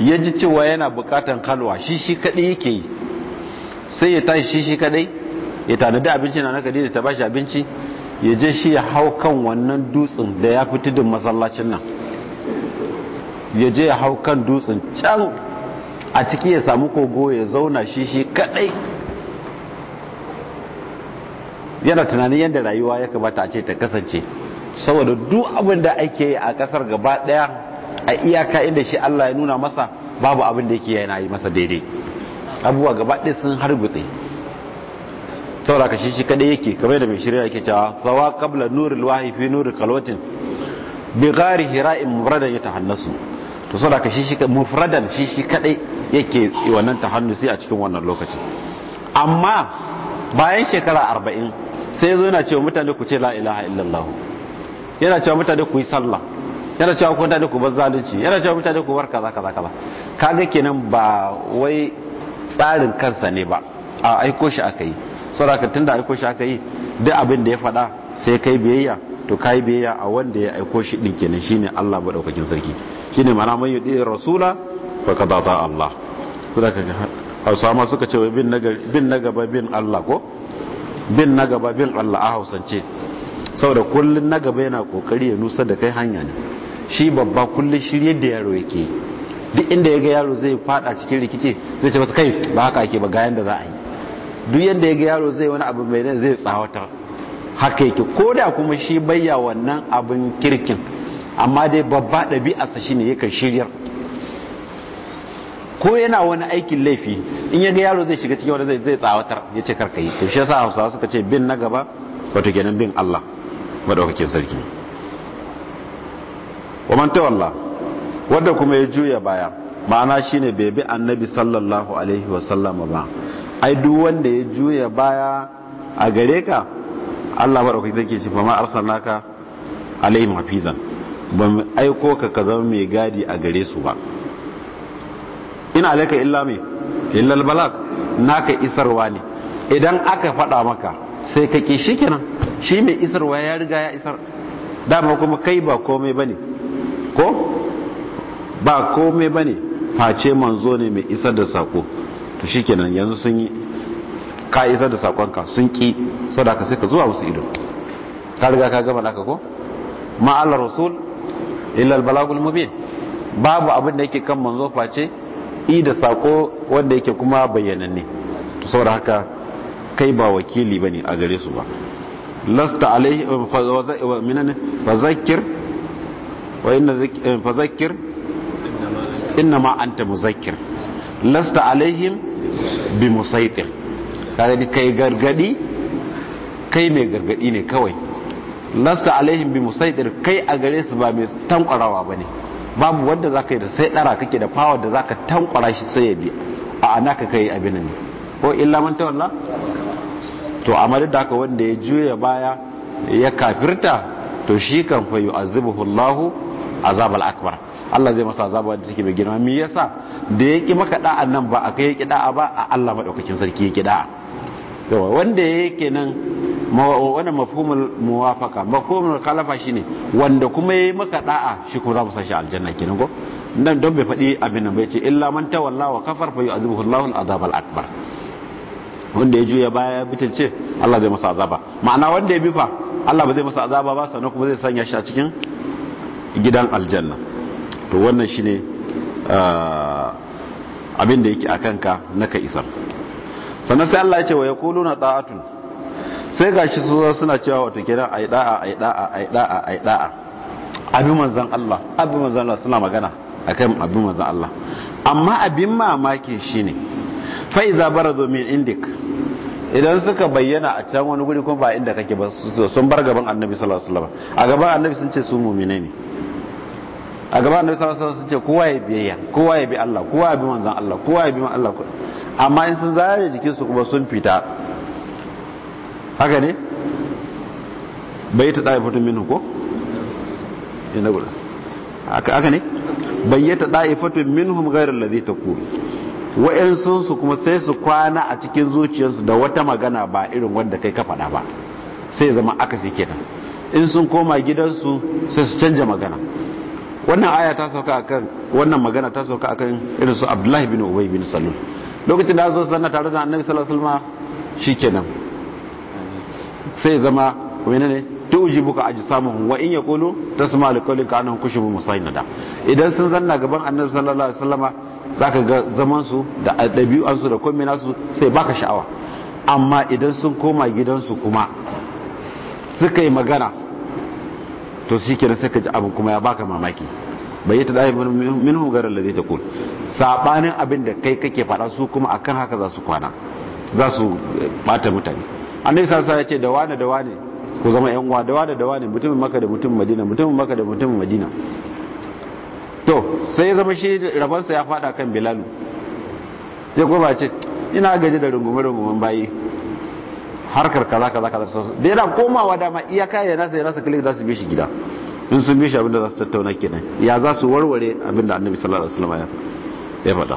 ya ji cewa yana bukatan kalwa shi shi kadai yake yi sai ya tashi shi shi kadai ya tanadi abinci na naka da ta shi abinci ya je shi ya hau kan wannan dutsen da ya fi tudun masallacin nan ya je ya hau kan dutsen can a ciki ya samu kogo ya zauna shi shi kadai yana tunanin yadda rayuwa ya kamata a ce ta kasance saboda duk abin da ake yi a kasar gaba daya a iyaka inda shi Allah ya nuna masa babu abin da yake yana yi masa daidai abubuwa gaba ɗaya sun harbutse saboda ka shi shi kadai yake kamar da mai shirya yake cewa fawa qabla nuril wahyi fi nuril kalwatin bi ghari hira'in mufradan yatahannasu to saboda ka shi shi mufradan shi shi kadai yake wannan tahannusi a cikin wannan lokaci amma bayan shekara arba'in sai yazo yana cewa mutane ku ce la ilaha illallah yana cewa mutane ku yi sallah yana cewa mutane ku bar zalunci yana cewa mutane ku bar kaza kaza kaza kaga kenan ba wai tsarin kansa ne ba a aiko shi aka yi saboda tun da aiko shi aka yi duk abin da ya faɗa sai kai biyayya to kai biyayya a wanda ya aiko shi din kenan shine Allah madaukakin sarki shine mana mai yudi rasula fa qada ta Allah saboda Hausa ma suka ce bin na bin naga gaba bin Allah ko bin naga bin Allah a Hausance saboda kullun na gaba yana kokari ya nusa da kai hanya ne shi babba kullun shirye da yaro yake duk inda ya ga yaro zai fada cikin rikici zai ce masa kai ba haka ake ba ga yanda za a yi duk yadda ya ga yaro zai wani abu mai nan zai tsawata haka yake ko da kuma shi bayya wannan abin kirkin amma dai babba ɗabi'arsa shi ne yakan shiryar ko yana wani aikin laifi in ya ga yaro zai shiga cikin wani zai tsawatar ya ce karka yi to shi yasa hausawa suka ce bin na gaba wato kenan bin Allah madaukakin sarki wa man tawalla wanda kuma ya juya baya ma'ana shine bai bi annabi sallallahu alaihi wa sallama ba ai duk wanda ya juya baya a gare ka Allah madaukaki take ce fa ma arsalnaka alaihim hafizan ba mu aiko ka ka zama mai gadi a gare su ba ina alaika illa me illa albalag naka isarwa ne idan aka faɗa maka sai ka ki shi kenan shi mai isarwa ya riga ya isar dama kuma kai ba komai bane ko ba komai bane face manzo ne mai isar da sako to shikenan yanzu sun yi ka'izar da sakonka sun ki sadaka sai ka zuwa wasu ido ka riga ka gama naka ko ma'alar rasul illa albalagul mubin babu abin da yake kan manzo face i da sako wanda yake kuma bayyananne to saboda haka kai ba wakili bane a gare su ba lasta alaihi fa wa inna fa inna ma anta muzakkir lasta alaihim bi musaitir kaga kai gargadi kai mai gargadi ne kawai lasta alaihim bi musaitir kai a gare su ba mai tankwarawa bane babu wanda zaka yi da sai dara kake da power da zaka tankwara shi sai ya bi a anaka kai abin ne ko illa man wallah to amma da haka wanda ya juya baya ya kafirta to shi kan fa yu'azibuhullahu azabal akbar Allah zai masa azaba da take mai girma me yasa da ya maka da'a nan ba a yake da'a ba a Allah madaukakin sarki yake ki da'a yawa wanda yake nan wannan mafhumul muwafaka mafhumul khalafa shine wanda kuma yayi maka da'a shi kuma za mu sashi aljanna kenan ko nan don bai faɗi abin nan bai ce illa man tawalla wa kafar fa yu'azibuhu Allahu al-azab akbar wanda ya juya baya ya ce Allah zai masa azaba ma'ana wanda ya bifa Allah ba zai masa azaba ba sannan kuma zai sanya shi a cikin gidan aljanna to wannan shi ne ah, abin da yake a kanka na ka isar sannan sai Allah ya ce wa ya kulu na ta'atun sai gashi su suna cewa wato kenan ai da'a ai da'a ai da'a ai da'a abin manzan Allah abin manzan Allah suna magana a kan abin manzan Allah amma abin mamakin shi ne iza barazu domin indik idan suka bayyana a can wani guri kuma ba inda kake ba sun bar gaban annabi sallallahu alaihi wasallam a gaban annabi sun ce su mu'mine ne a gaba annabi sallallahu alaihi wasallam ce kowa ya biyayya kowa ya bi Allah kowa ya bi manzon Allah kowa ya bi Allah amma in sun zare jikin su kuma sun fita haka ne bai ta dai fitun minhu ko ina gura haka ne bai ta dai fitun minhum ghairu alladhi taqul sun su kuma sai su kwana a cikin zuciyarsu da wata magana ba irin wanda kai ka faɗa ba sai zama akasi kenan in sun koma gidansu sai su canja magana wannan aya ta sauka akan wannan magana ta sauka akan irin su Abdullahi bin Ubay bin Salul lokacin da zo sanna tare da Annabi sallallahu alaihi wasallam shikenan sai zama menene tujibuka ajsamuhum wa in yaqulu tasma li qawli ka mu kushubu da idan sun zanna gaban Annabi sallallahu alaihi za zaka ga zaman su da dabi'an su da komai nasu sai baka sha'awa amma idan sun koma gidansu kuma suka yi magana to shi kenan sai ka ji abu kuma ya baka mamaki bai yi ta da min hugarar da zai ta kul sabanin abin da kai kake faɗa su kuma akan haka za su kwana za su bata mutane annabi sassa ya ce da wane da wane ku zama yan uwa da wane da wane mutumin maka da mutumin madina mutumin maka da mutumin madina to sai ya zama shi rabansa ya faɗa kan bilalu ya kuma ce ina gaji da rungume-rungumen bayi harkar kaza kaza kaza da yana komawa dama iyaka ya nasa ya nasa kalli za su bishi gida in sun bishi abinda za su tattauna kenan ya za su warware abinda annabi sallallahu alaihi wasallam ya faɗa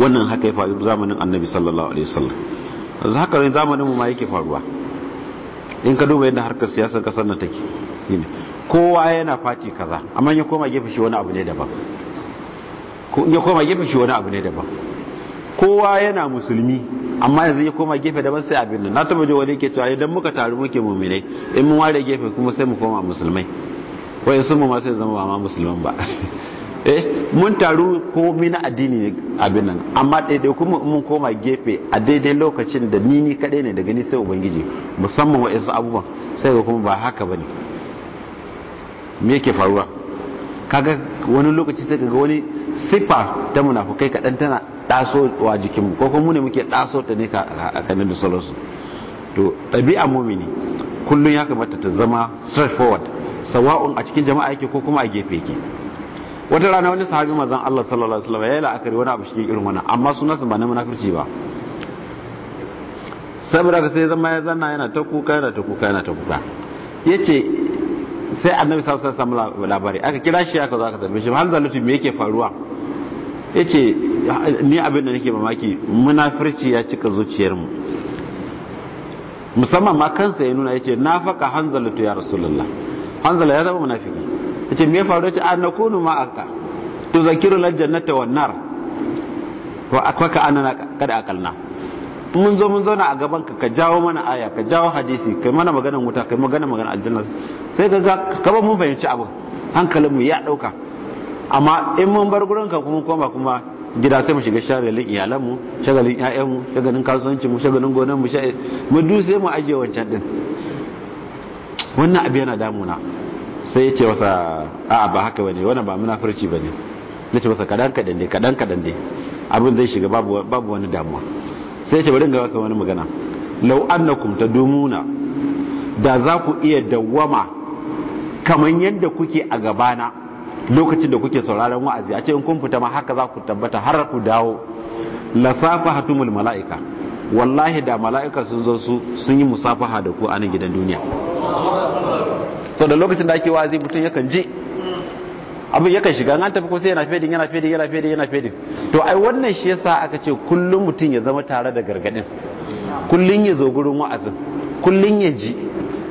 wannan haka ya faru zamanin annabi sallallahu alaihi wasallam yanzu haka ne zamanin mu ma yake faruwa in ka duba yadda harkar siyasar kasar nan take kowa yana fati kaza amma ya koma gefe shi wani abu ne daban ko ya koma gefe shi wani abu ne daban kowa yana musulmi amma yanzu ya koma gefe daban sai abin nan na taba ji wani ke cewa idan muka taru muke muminai in mun ware gefe kuma sai mu koma musulmai wai sun mu ma sai zama ba ma musulman ba eh mun taru komai na addini ne abin nan amma daidai kuma mun koma gefe a daidai lokacin da ni ni kadai ne daga ni sai ubangiji musamman wa wa'insu abubuwan sai ga kuma ba haka ba ne me yake faruwa kaga wani lokaci sai kaga wani sifa ta munafukai kaɗan tana ɗaso wa jikinmu ko kuma ne muke ɗaso ta ne a kanin da sauransu to ɗabi'a mumini kullum ya kamata ta zama straightforward sawa'un a cikin jama'a yake ko kuma a gefe yake wata rana wani sahabi mazan Allah sallallahu alaihi wasallam ya yi la'akari wani abu cikin irin wannan amma sunan ba na munafurci ba saboda ka sai zama ya zanna yana ta kuka yana ta kuka yana ta kuka yace sai annabi sallallahu alaihi wasallam labari aka kira shi aka zo aka tambaye shi hanzalutu me yake faruwa Ya ce ni abin da nake mamaki munafirci ya cika zuciyarmu musamman ma kansa ya nuna ce na faka hanzala ya rasulullah hanzala ya zama munafiki ce me ya faru ce an kunu ma aka tuzakiru lal jannata wan nar wa akwaka anana kada akalna mun zo mun zauna a gaban ka ka jawo mana aya ka jawo hadisi kai mana maganar wuta kai magana magana aljanna sai ka ga kaba mun fahimci abu hankalinmu ya dauka amma in mun bar gurin ka kuma koma kuma gida sai mu shiga shagalin iyalanmu shagalin mu shagalin kasuwancinmu shagalin gonan mu duk sai mu ajiye wancan din wannan abu yana damuna sai ya ce wasa a'a ba haka bane wannan ba furci bane ya ce wasa kadan kadan ne kadan kadan ne abin zai shiga babu babu wani damuwa sai ya ce bari ga kai wani magana law annakum tadumuna da za ku iya dawwama kaman yadda kuke a gabana lokacin da kuke sauraron wa'azi a ce in kun fita ma haka za ku tabbata har ku dawo lasafa hatumul mala'ika wallahi da mala'ika sun zo su sun yi musafaha da ku a nan gidan duniya so da lokacin da ake wa'azi mutum yakan ji abin yakan shiga an tafi ko sai yana fedin yana fedin yana fedin yana fedin to ai wannan shi yasa aka ce kullum mutum ya zama tare da gargadin kullum ya zo gurin wa'azin kullum ya ji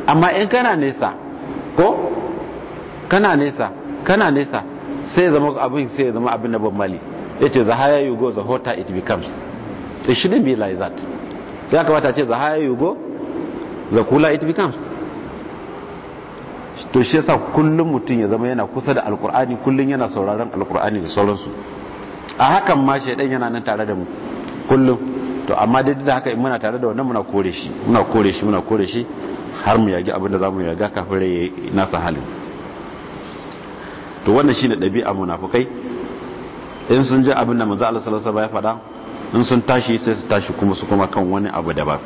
amma in kana nesa ko kana nesa kana nesa sai zama abin sai zama abin na bambali ya ce zahaya yi you go the hotter it becomes it shouldn't be like that ya kamata ce zahaya higher you go the cooler it becomes to shi yasa kullum mutum ya zama yana kusa da alkur'ani kullum yana sauraron alkur'ani da sauransu a hakan ma shaidan yana nan tare da mu kullum to amma dai da haka in muna tare da wannan muna kore shi muna kore shi muna kore shi har mu yagi abin da zamu yaga kafin rai nasa halin to wannan shine ɗabi'a munafukai in sun ji abin da manzo Allah sallallahu alaihi ya faɗa in sun tashi sai su tashi kuma su kuma kan wani abu da ba.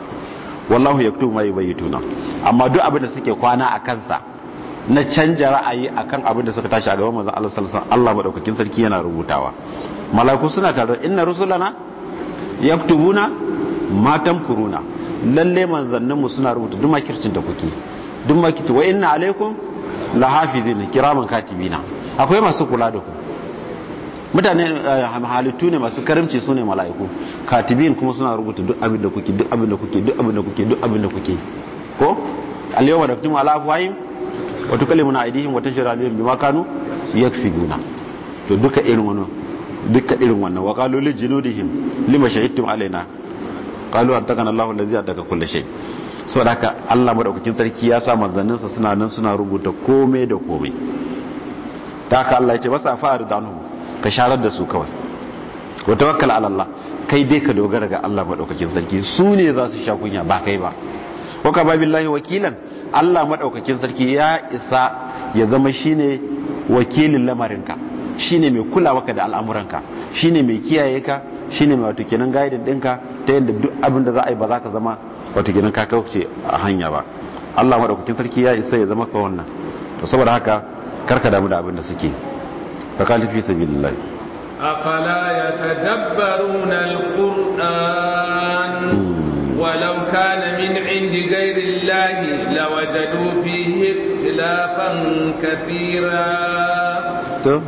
wallahu yaktubu ma yubayituna amma duk abin da suke kwana a kansa na canja ra'ayi akan abin da suka tashi a gaban manzo Allah sallallahu alaihi Allah madaukakin sarki yana rubutawa malaku suna tare inna rusulana yaktubuna ma tamkuruna lalle manzanninmu suna rubuta duk makircin da kuke duk makirci wa inna alaikum lahafizina kiraman katibina akwai masu kula da ku mutane eh, halittu ne masu karimci su ne mala'iku katibin kuma suna rubuta duk abin da kuke duk abin da kuke duk abin da kuke duk abin da kuke ko al-yawma daktum ala afwahihim wa tukallimuna aydihim wa tashhadu alayhim bima kanu yaksibuna to duka irin wannan duka irin wannan wa qalu li junudihim lima shahidtum alaina qalu antakana Allahu allazi ataka kulli shay saboda haka Allah madaukakin sarki ya sa manzanninsa suna nan suna rubuta komai da komai ta haka Allah ya ce masa fa'ar danu ka sharar da su kawai wa tawakkal ala Allah kai dai ka dogara ga Allah madaukakin sarki su ne za su sha kunya ba kai ba wa ka babillahi wakilan Allah madaukakin sarki ya isa ya zama shine wakilin lamarinka shine mai kulawa ka da al'amuranka shine mai kiyaye ka shine mai wato kenan guidance ɗinka ta yanda duk abin da za a yi ba za ka zama wato kenan ka kauce a hanya ba Allah madaukakin sarki ya isa ya zama ka wannan to saboda haka karka damu da abin da suke ka kalifi sabilillah afala yatadabbaruna alquran hmm. walau kana min indi ghairi llahi lawajadu fihi ikhtilafan kathira to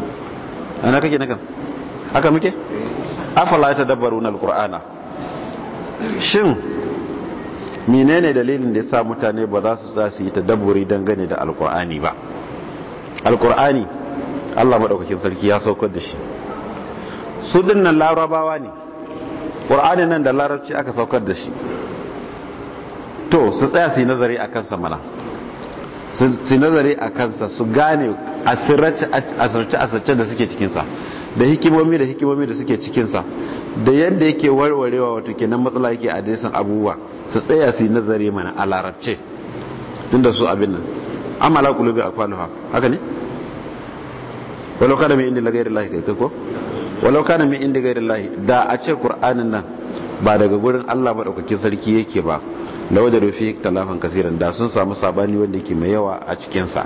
ana kake naka haka muke afala yatadabbaruna alqur'ana shin menene dalilin da yasa mutane ba za su tsaya su yi tadabburi dangane da alqur'ani ba alkur'ani Allah maɗaukakin sarki ya saukar da shi su dinnan larabawa ne ƙur'ani nan da larabci aka saukar da shi to su tsaya su yi nazari a kansa mana su yi nazari a kansa su gane asirce-asirce da suke cikinsa da hikimomi da hikimomi da suke cikinsa da yadda yake warwarewa wato kenan matsala yake a daisan abubuwa su tsaya su yi nazari mana a larabce tun da su abin nan amma la akwanu ha haka ne walau kana mai inda lagayar lahi kai ko walau kana mai inda gairin lahi da a ce qur'anin nan ba daga gurin Allah maɗaukakin sarki yake ba la wajadu fi talafan kasirin da sun samu sabani wanda yake mai yawa a cikinsa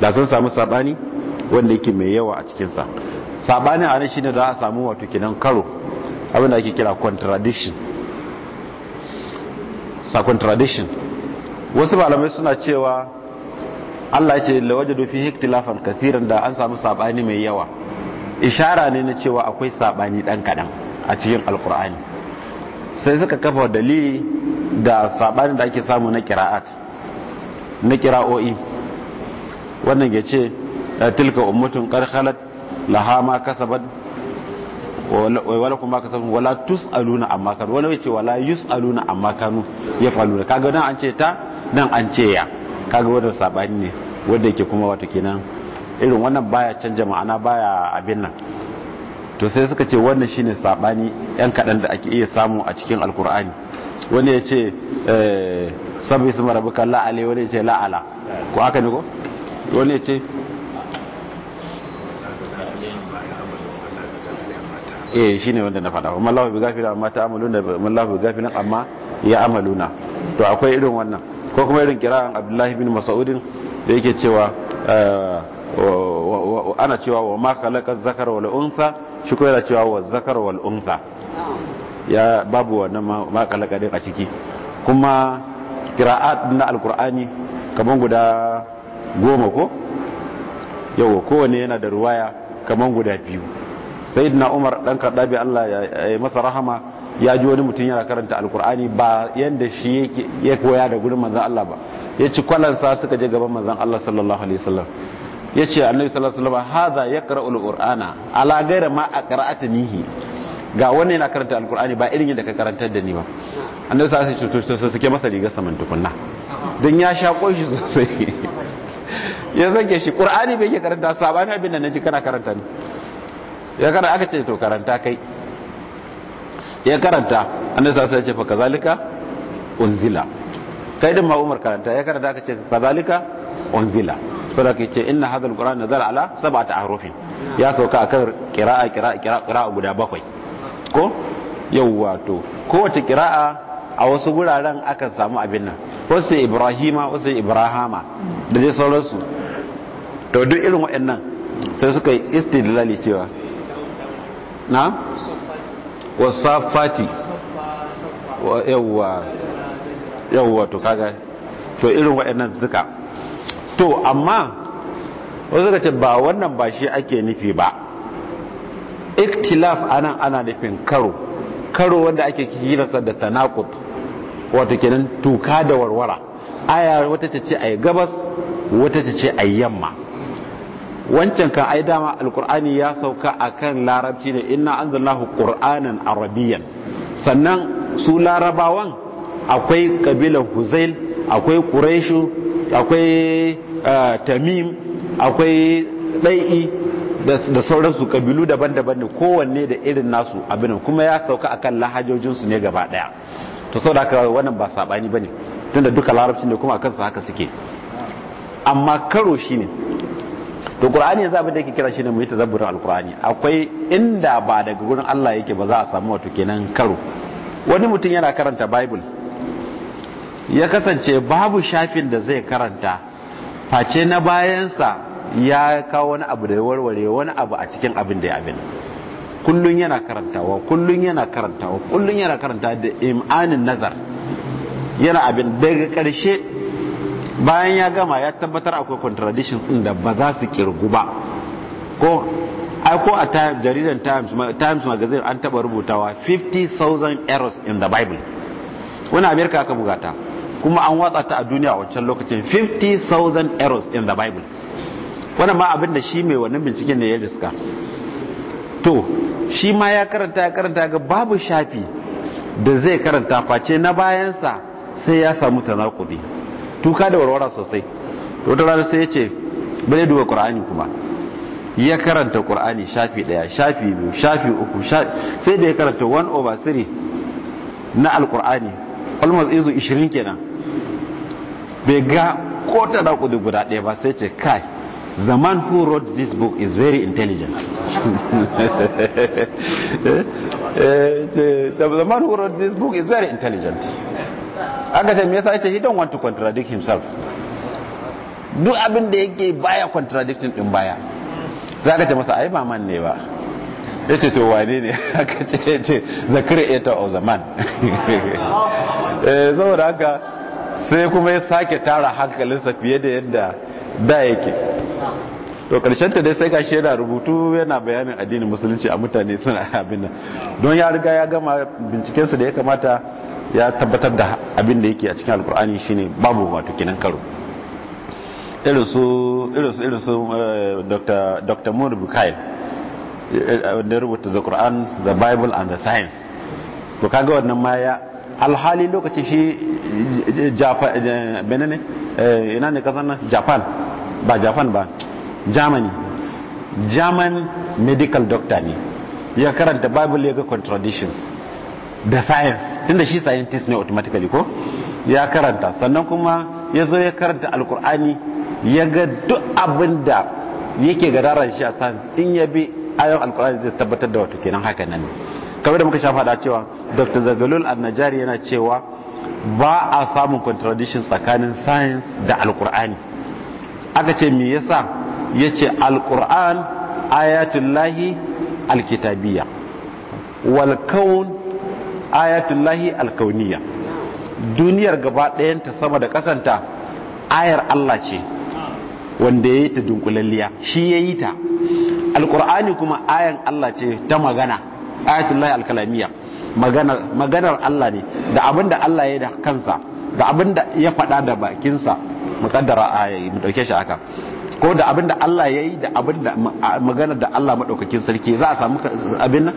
da sun samu sabani wanda yake mai yawa a cikinsa sabani a nan shine za a samu wato kinan karo abin da ake kira contradiction sa contradiction wasu malamai suna cewa Allah ya ce lawajadu fi ikhtilafan kathiran da an samu sabani mai yawa ishara ne na cewa akwai sabani dan kadan a cikin alqur'ani sai suka kafa dalili da sabani da ake samu na qira'at na qira'o'i wannan ya ce tilka ummatun qad khalat laha ma kasabat wala kuma ka sabu wala tus'aluna amma kanu wala yace wala yus'aluna amma kanu ya yaf'aluna kaga nan an ce ta nan an ce ya kaga wannan sabani ne wanda yake kuma wato kenan irin wannan baya canja ma'ana baya abin nan to sai suka ce wannan shine sabani yan kadan da ake iya samu a cikin alkur'ani wani ya ce eh, sabbi su kan la'ale wani ya ce la'ala ko haka ne ko wani ya ce eh shine wanda na faɗa wa Allah bi na amma ta amaluna amma Allah bi gafira amma ya amaluna to akwai irin wannan ko kuma irin kira'an abdullahi bin masaudin da yake cewa eh, ana cewa wa ma khalaqa zakara wal shi ko yana cewa wa zakar wal ya babu wannan ma khalaqa din a ciki kuma qira'at na alkur'ani kaman guda goma ko yau kowane yana da ruwaya kaman guda biyu sayyidina umar dan kaddabi Allah ya masa rahama ya ji wani mutum yana karanta alkur'ani ba yadda shi ya koya da gudun manzan Allah ba ya ci kwalansa suka je gaban manzan Allah sallallahu alaihi wasallam ya ce annabi sallallahu alaihi wasallam hadha yaqra'u alqur'ana ala ghayri ma nihi. ga wannan yana karanta alkur'ani ba irin yadda ka karantar da ni ba annabi sallallahu alaihi wasallam suke masa rigar saman tukunna dan ya sha koshi sosai ya zage shi qur'ani bai ke karanta sabani abin da naji kana karanta ne ya kana aka ce to karanta kai ya karanta an sallallahu alaihi ya ce fa kazalika unzila kai din ma Umar karanta ya karanta aka ce kazalika unzila saboda kai ce inna hadha na nazar ala sab'ati ahrufin ya sauka akan qira'a qira'a qira'a guda bakwai ko wato ko kowace qira'a a wasu guraren akan samu abin nan wasu ibrahima wasu ibrahama da dai sauransu to duk irin waɗannan sai suka yi istidlali cewa na wasafati yawwa yawwa to kaga to irin waɗannan zuka to amma wasu ka ce ba wannan ba shi ake nufi ba iktilaf anan ana nufin karo karo wanda ake kirasa da tanakut wato kenan tuka da warwara aya wata ta ce a gabas wata ta ce a yamma wancan kan ai dama alkur'ani ya sauka akan larabci ne inna anzalnahu qur'anan arabiyan sannan su larabawan akwai kabilan huzail akwai quraishu akwai eh, tamim akwai dai'i da sauransu kabilu daban-daban ne kowanne da irin nasu abin kuma ya sauka akan lahajojinsu ne gaba daya to saboda haka wannan ba sabani bane tunda duka larabci ne kuma akan su haka suke amma karo shine to qur'ani yanzu abin da yake kira shine mu yi tazabburin alqur'ani akwai inda ba daga gurin Allah yake ba za a samu wato kenan karo wani mutum yana karanta bible ya kasance babu shafin da zai karanta face na bayansa ya kawo wani abu da ya warware wani abu a cikin abin da ya abin kullun yana karantawa kullun yana karantawa kullun yana karanta da imanin nazar yana abin daga karshe bayan ya gama ya tabbatar akwai contradictions din da ba za su kirgu ba ko a jaridan times times magazine an taba rubutawa 50000 errors in the bible wani america aka bugata kuma an watsa ta a duniya a wancan lokacin 50000 errors in the bible wannan ma abin shi mai wannan binciken ne ya riska to shi ma ya karanta ya karanta ga babu shafi da zai karanta face na bayansa sai ya samu kudi tuka da warwara sosai wata rana sai ya ce bane duba ƙura'ani kuma ya karanta ƙura'ani shafi daya shafi biyu shafi uku sai da ya karanta 1 over 3 na alƙura'ani almost izu 20 kenan bai ga kota da kudu guda daya ba sai ce kai the man who wrote this book is very intelligent the eh, eh, man who wrote this book is very intelligent aka ce me yasa yace he don't want to contradict himself duk abin da yake baya contradicting din baya za ka ce masa ai maman ne ba ya ce to wane ne aka ce ya ce the creator of the man eh, da haka sai kuma ya sake tara hankalinsa fiye da yadda da yake to karshen ta dai sai ka shaida rubutu yana bayanin addinin musulunci a mutane suna abin nan don ya riga ya gama bincikensa da ya kamata ya tabbatar da abin da yake a cikin alkur'ani shine babu wato kinan karo irin su irin su irin su dr dr bukail da rubuta the quran the bible and the science to kaga wannan ma ya alhali lokacin shi Benene eh, ina ne kasar nan japan ba japan ba germany german medical doctor ne ya karanta bible ya ga contradictions da science tunda shi scientist ne automatically ko ya karanta sannan kuma ya zo ya karanta alkur'ani ya ga duk abin da yake daren shi a science in ya bi ayon alkur'ani zai tabbatar da wato kenan haka nan kamar da muka sha faɗa cewa dr zagalul Al-Najari yana cewa ba a samun contradiction tsakanin science da alkur'ani aka ce me yasa ya ce alkur'an ayatullahi alkitabiyya wal ayatullahi alkauniya duniyar gaba ɗayanta sama da ƙasanta ayar Allah ce wanda ya yi ta dunkulalliya shi ya yi ta alkur'ani kuma ayan Allah ce ta magana ayatullahi alkalamiya maganar Allah ne da abin da Allah ya da kansa da abin da ya faɗa da bakinsa muƙaddara ayayi mu ɗauke shi haka ko da abin da Allah ya yi da abin da maganar da Allah maɗaukakin sarki za a samu abin nan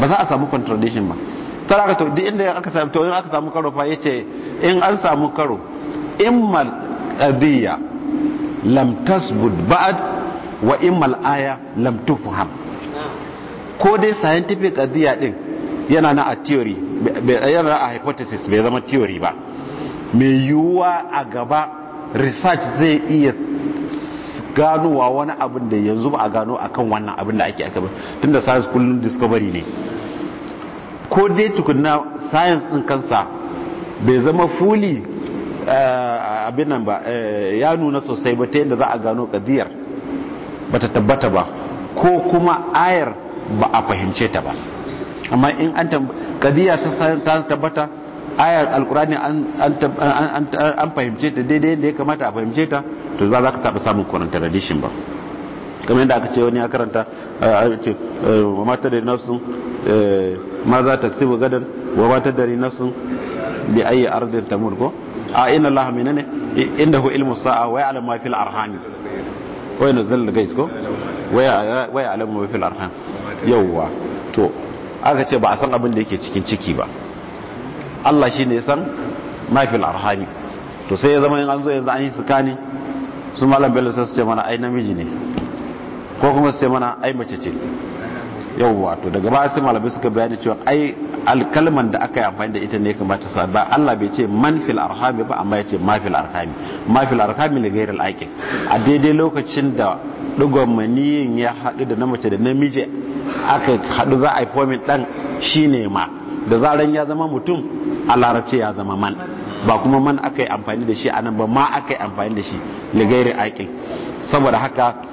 ba za a samu contradiction ba tara ka to duk inda aka samu to in aka samu karo fa yace in an samu karo immal qadiyya lam tasbut ba'd wa mal aya lam tufham ko dai scientific qadiyya din yana na a theory yana na a hypothesis bai zama theory ba mai yiwuwa a gaba research zai iya ganowa wani abin da yanzu ba a gano akan wannan abin da ake aka tunda science kullum discovery ne ko dai tukunna science din kansa bai zama fuli eh, abin nan ba eh, ya nuna sosai ba ta yadda za a gano kadiyar ba ta tabbata ba ko kuma ayar ba a fahimce ta ba amma in an kadiyar ta tabbata ayar alkurani an fahimce ta daidai da ya kamata a fahimce ta to za ka taba samun tradition ba kamar yadda aka ce wani ya karanta a ce e, wa mata da nafsun e, ma za ta tsibu gadan wa mata da nafsun bi ayi ardin tamur ko a inna allah inda indahu ilmu sa'a wa ya'lamu ma fil arhami wa yanzal gais ko wa ya'lamu ma fil yau yawwa to aka ce ba a san abin da yake cikin ciki ba allah shine ne san ma fil arhami to sai ya zama yin an zo yanzu an yi su kani su malam bello sai su ce mana ai namiji ne ko kuma sai mana ai mace ce yau wato daga baya sai malamai suka bayani cewa ai alkalman da aka yi amfani da ita ne kamata sa ba Allah bai ce man fil arhami ba amma ya ce ma fil arhami ma fil arhami ne gairar aikin a daidai lokacin da dugon maniyin ya haɗu da na mace da namiji aka haɗu za a yi fomin ɗan shine ma da zaran ya zama mutum a larabci ya zama man ba kuma man aka yi amfani da shi a ba ma aka yi amfani da shi ligairin aikin saboda haka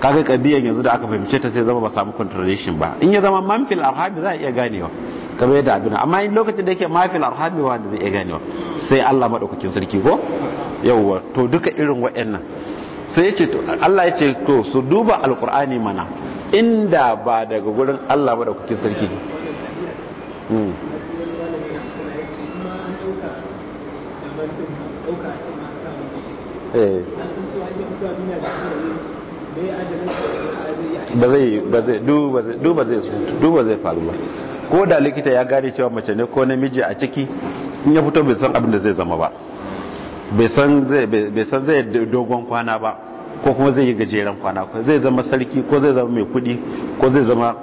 kaga kabiyan yanzu da aka fahimce ta sai zama ba samu contradiction ba in ya zama man fil arhabi za a iya ganewa kamar yadda abin amma in lokacin da yake ma fil arhabi wanda zai iya ganewa sai Allah madaukakin sarki ko yawwa to duka irin waɗannan sai ya ce Allah ya ce to su duba alqur'ani mana inda ba daga gurin Allah madaukakin sarki hmm. eh ba zai ba zai duba zai zai faru ba ko da likita ya gane cewa mace ne ko namiji a ciki in ya fito bai san abin da zai zama ba bai san zai dogon kwana ba ko kuma zai yi gajeren kwana zai zama sarki ko zai zama mai kudi ko zai zama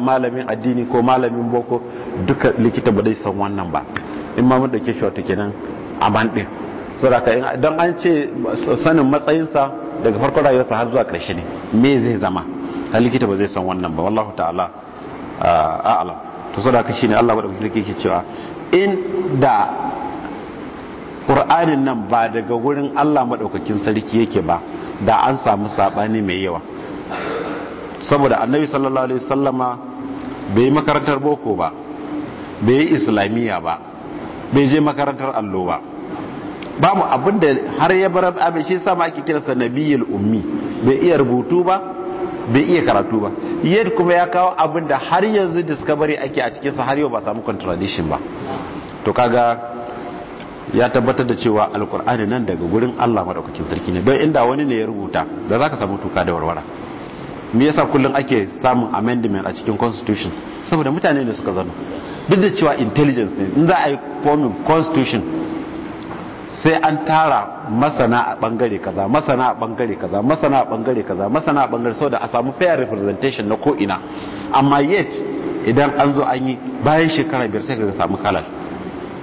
malamin addini ko malamin boko duka likita ba zai san wannan ba in ma mun dauke shi wata kenan a bandin saboda don an ce sanin matsayinsa daga farkon rayuwarsa har zuwa karshe ne me zai zama har likita ba zai san wannan ba wallahu ta'ala alam to sadaka shine Allah madaukaki zai ke cewa in da Qur'anin nan ba daga wurin Allah madaukakin sarki yake ba da an samu sabani mai yawa saboda annabi sallallahu alaihi wasallama bai makarantar boko ba bai islamiyya ba bai je makarantar allo ba Ba mu abin da har ya bar abin shi sama ake kiransa nabiyul ummi bai iya rubutu ba bai iya karatu ba yadda kuma ya kawo abin da har yanzu discovery ake a cikinsa har yau ba samu contradiction ba to kaga ya tabbatar da cewa alkur'ani nan daga gurin Allah madaukakin sarki ne don inda wani ne ya rubuta da zaka samu tuka da warwara me yasa kullum ake samun amendment a cikin constitution saboda mutane ne suka zano duk da cewa intelligence ne in za a yi forming constitution sai an tara masana a bangare kaza masana a bangare kaza masana a bangare kaza masana a bangare da a samu fair representation na ko'ina amma yet idan an zo an yi bayan shekara biyar sai ka samu kalal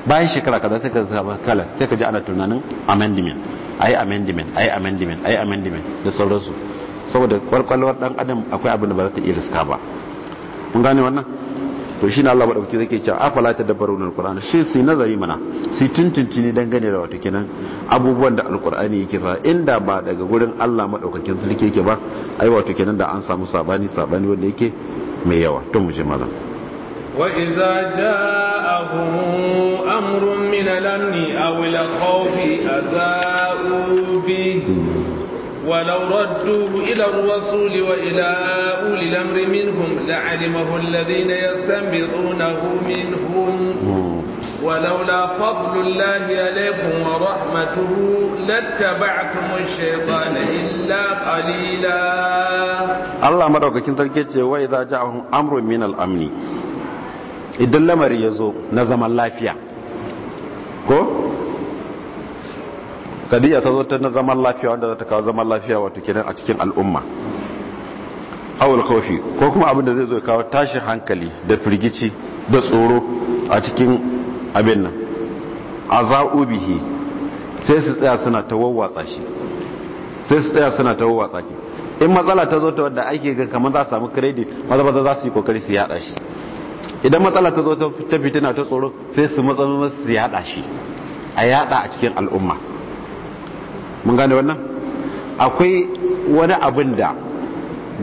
bayan shekara kaza sai ka samu kalal sai ka ji ana tunanin amendment a amendment ai amendment yi amendment da sauransu saboda kwalkwalwar dan adam akwai abin da ba za ta iya riska ba mun gane wannan to shi na Allah maɗauki zai a cewa afala ta dabbaru na alkur'ani shi su nazari mana su tuntuntuni dangane da wato kenan abubuwan da alkur'ani yake fa inda ba daga gurin Allah maɗaukakin sarki yake ba ai wato kenan da an samu sabani sabani wanda yake mai yawa to mu je malam وإذا جاءهم أمر من aw أو khawfi أذاؤوا به ولو ردوه إلى الرسول وإلى أولي الأمر منهم لعلمه الذين يستنبطونه منهم ولولا فضل الله عليكم ورحمته لاتبعتم الشيطان إلا قليلا الله مدعوك كنت تركيت وإذا جاءهم أمر من الأمن idan lamari ya zo na zaman lafiya ko kadiya ta zo ta na zaman lafiya wanda za ta kawo zaman lafiya wato kenan a cikin al'umma awul kofi ko kuma abin da zai zo kawo tashin hankali da firgici da tsoro a cikin abin nan a za'ubihi sai su tsaya suna ta wawwatsa shi sai su tsaya suna ta wawwatsa shi in matsala ta zo ta wadda ake ga kamar za su samu credit maza maza za su yi kokari su yada shi idan matsala ta zo ta fitina ta tsoro sai su matsalolin su yada shi a yada a cikin al'umma mun gane wannan akwai wani abin da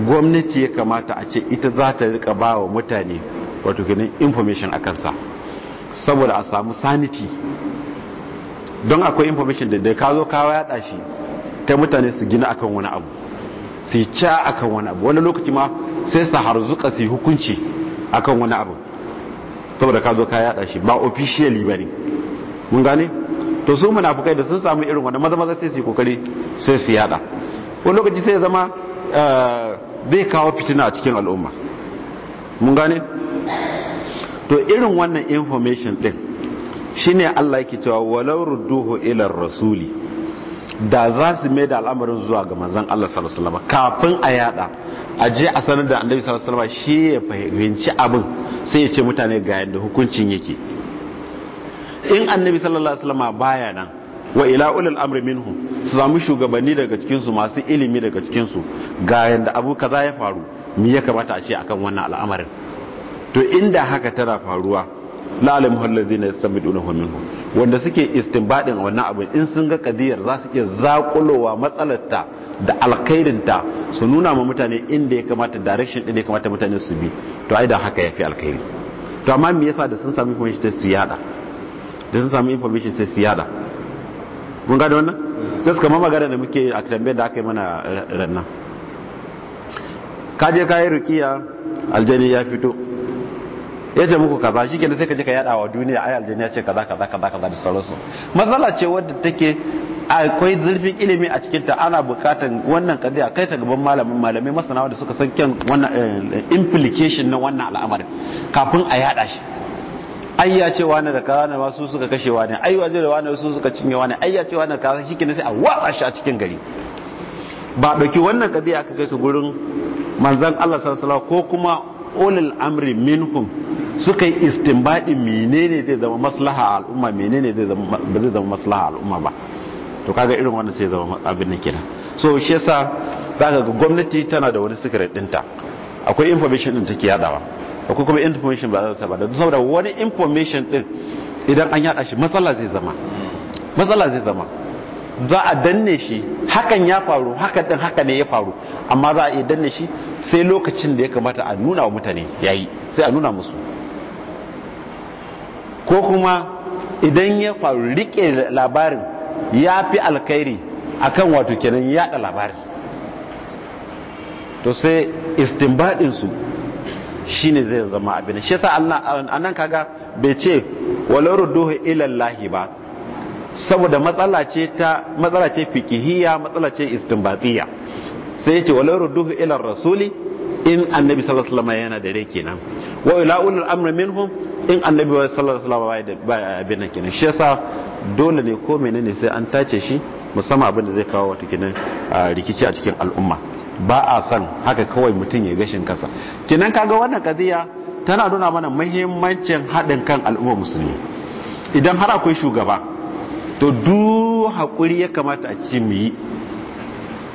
gwamnati ya kamata a ce ita za ta rika ba wa mutane wato ganin information a kansa saboda a samu sanity don akwai information da da ka zo kawo ya shi ta mutane su gina akan wani abu su yi ca akan wani abu wani lokaci ma sai su harzuka su yi hukunci akan wani abu saboda ka zo ka yada shi ba officially ba ne mun gane to su munafukai da sun samu irin wanda maza maza sai su yi kokari sai su yada wani lokaci sai zama eh, zai kawo fitina a cikin al'umma mun gane to irin wannan information din shine Allah yake cewa walau rudduhu ila rasuli da za su mai da al'amarin zuwa ga manzon Allah sallallahu alaihi kafin a yada a je a sanar da annabi sallallahu alaihi shi ya fahimci abin sai ya ce mutane ga yadda hukuncin yake in annabi sallallahu alaihi wasallam baya nan wa ila ulul amri minhum su zamu shugabanni daga cikin su masu ilimi daga cikin su ga yanda abu kaza ya faru me ya kamata a ce akan wannan al'amarin to inda haka tana faruwa la alim hallazina yastabiduna minhum wanda suke istinbadin wannan abu in sun ga kadiyar za su iya zakulowa matsalarta da alkhairinta su nuna ma mutane inda ya kamata direction din ya kamata mutane su bi to ai da haka yafi alkhairi to amma me yasa da sun sami kuma shi su yada da sun samu information sai siyada mun kun gane wannan gaskiya ma magana da muke a tambayar da aka yi mana rannan ka je ka yi rukiya aljani ya fito ya ce muku kaza shi kenan sai ka je ka yada wa duniya ai aljani ya ce kaza kaza kaza kaza da sauransu matsala ce wadda take akwai zurfin ilimi a cikin ta ana bukatan wannan kadiya kai ta gaban malamin malamai masana wanda suka san kyan wannan eh, implication na wannan al'amarin kafin a yada shi ayya ce wani da kaza ma su suka kashe wani aiwa zai da wani su suka cinye wani ayya ce wani da kaza shi kenan sai a watsa shi a cikin gari ba dauki wannan kadiya aka kai su gurin manzan Allah sallallahu alaihi ko kuma ulul amri minhum suka yi istinbadi menene zai zama maslaha al'umma menene zai zama zai zama maslaha al'umma ba to kaga irin wannan sai zama abin nan kenan so shi yasa zaka ga gwamnati tana da wani secret dinta akwai information din take yadawa akwai kuma information ba za ta bada saboda wani information din idan an yada shi matsala zai zama matsala zai zama za a danne shi hakan ya faru hakan din haka ne ya faru amma za a iya danne shi sai lokacin da ya kamata a nuna wa mutane yayi sai a nuna musu ko kuma idan ya faru rike labarin ya fi alkhairi akan wato kenan yada labarin to sai istinbadin su ne zai zama abin shi yasa Allah anan kaga bai ce walau rudduhu ila Allah ba saboda matsala ce ta matsala ce fiqhiyya matsala ce istinbatiyya sai ya ce walau rudduhu ila rasuli in annabi sallallahu alaihi wasallam yana da rai kenan wa ila ulul amri minhum in annabi sallallahu alaihi wasallam baya abin nan kenan shi yasa dole ne ko menene sai an tace shi musamman abin da zai kawo wata kenan rikici a cikin al'umma ba a son haka kawai mutum ya gashin kasa kinan kaga wannan kadiya tana nuna mana muhimmancin haɗin kan al'ummar musulmi idan har akwai shugaba to duk haƙuri ya kamata a ci mu yi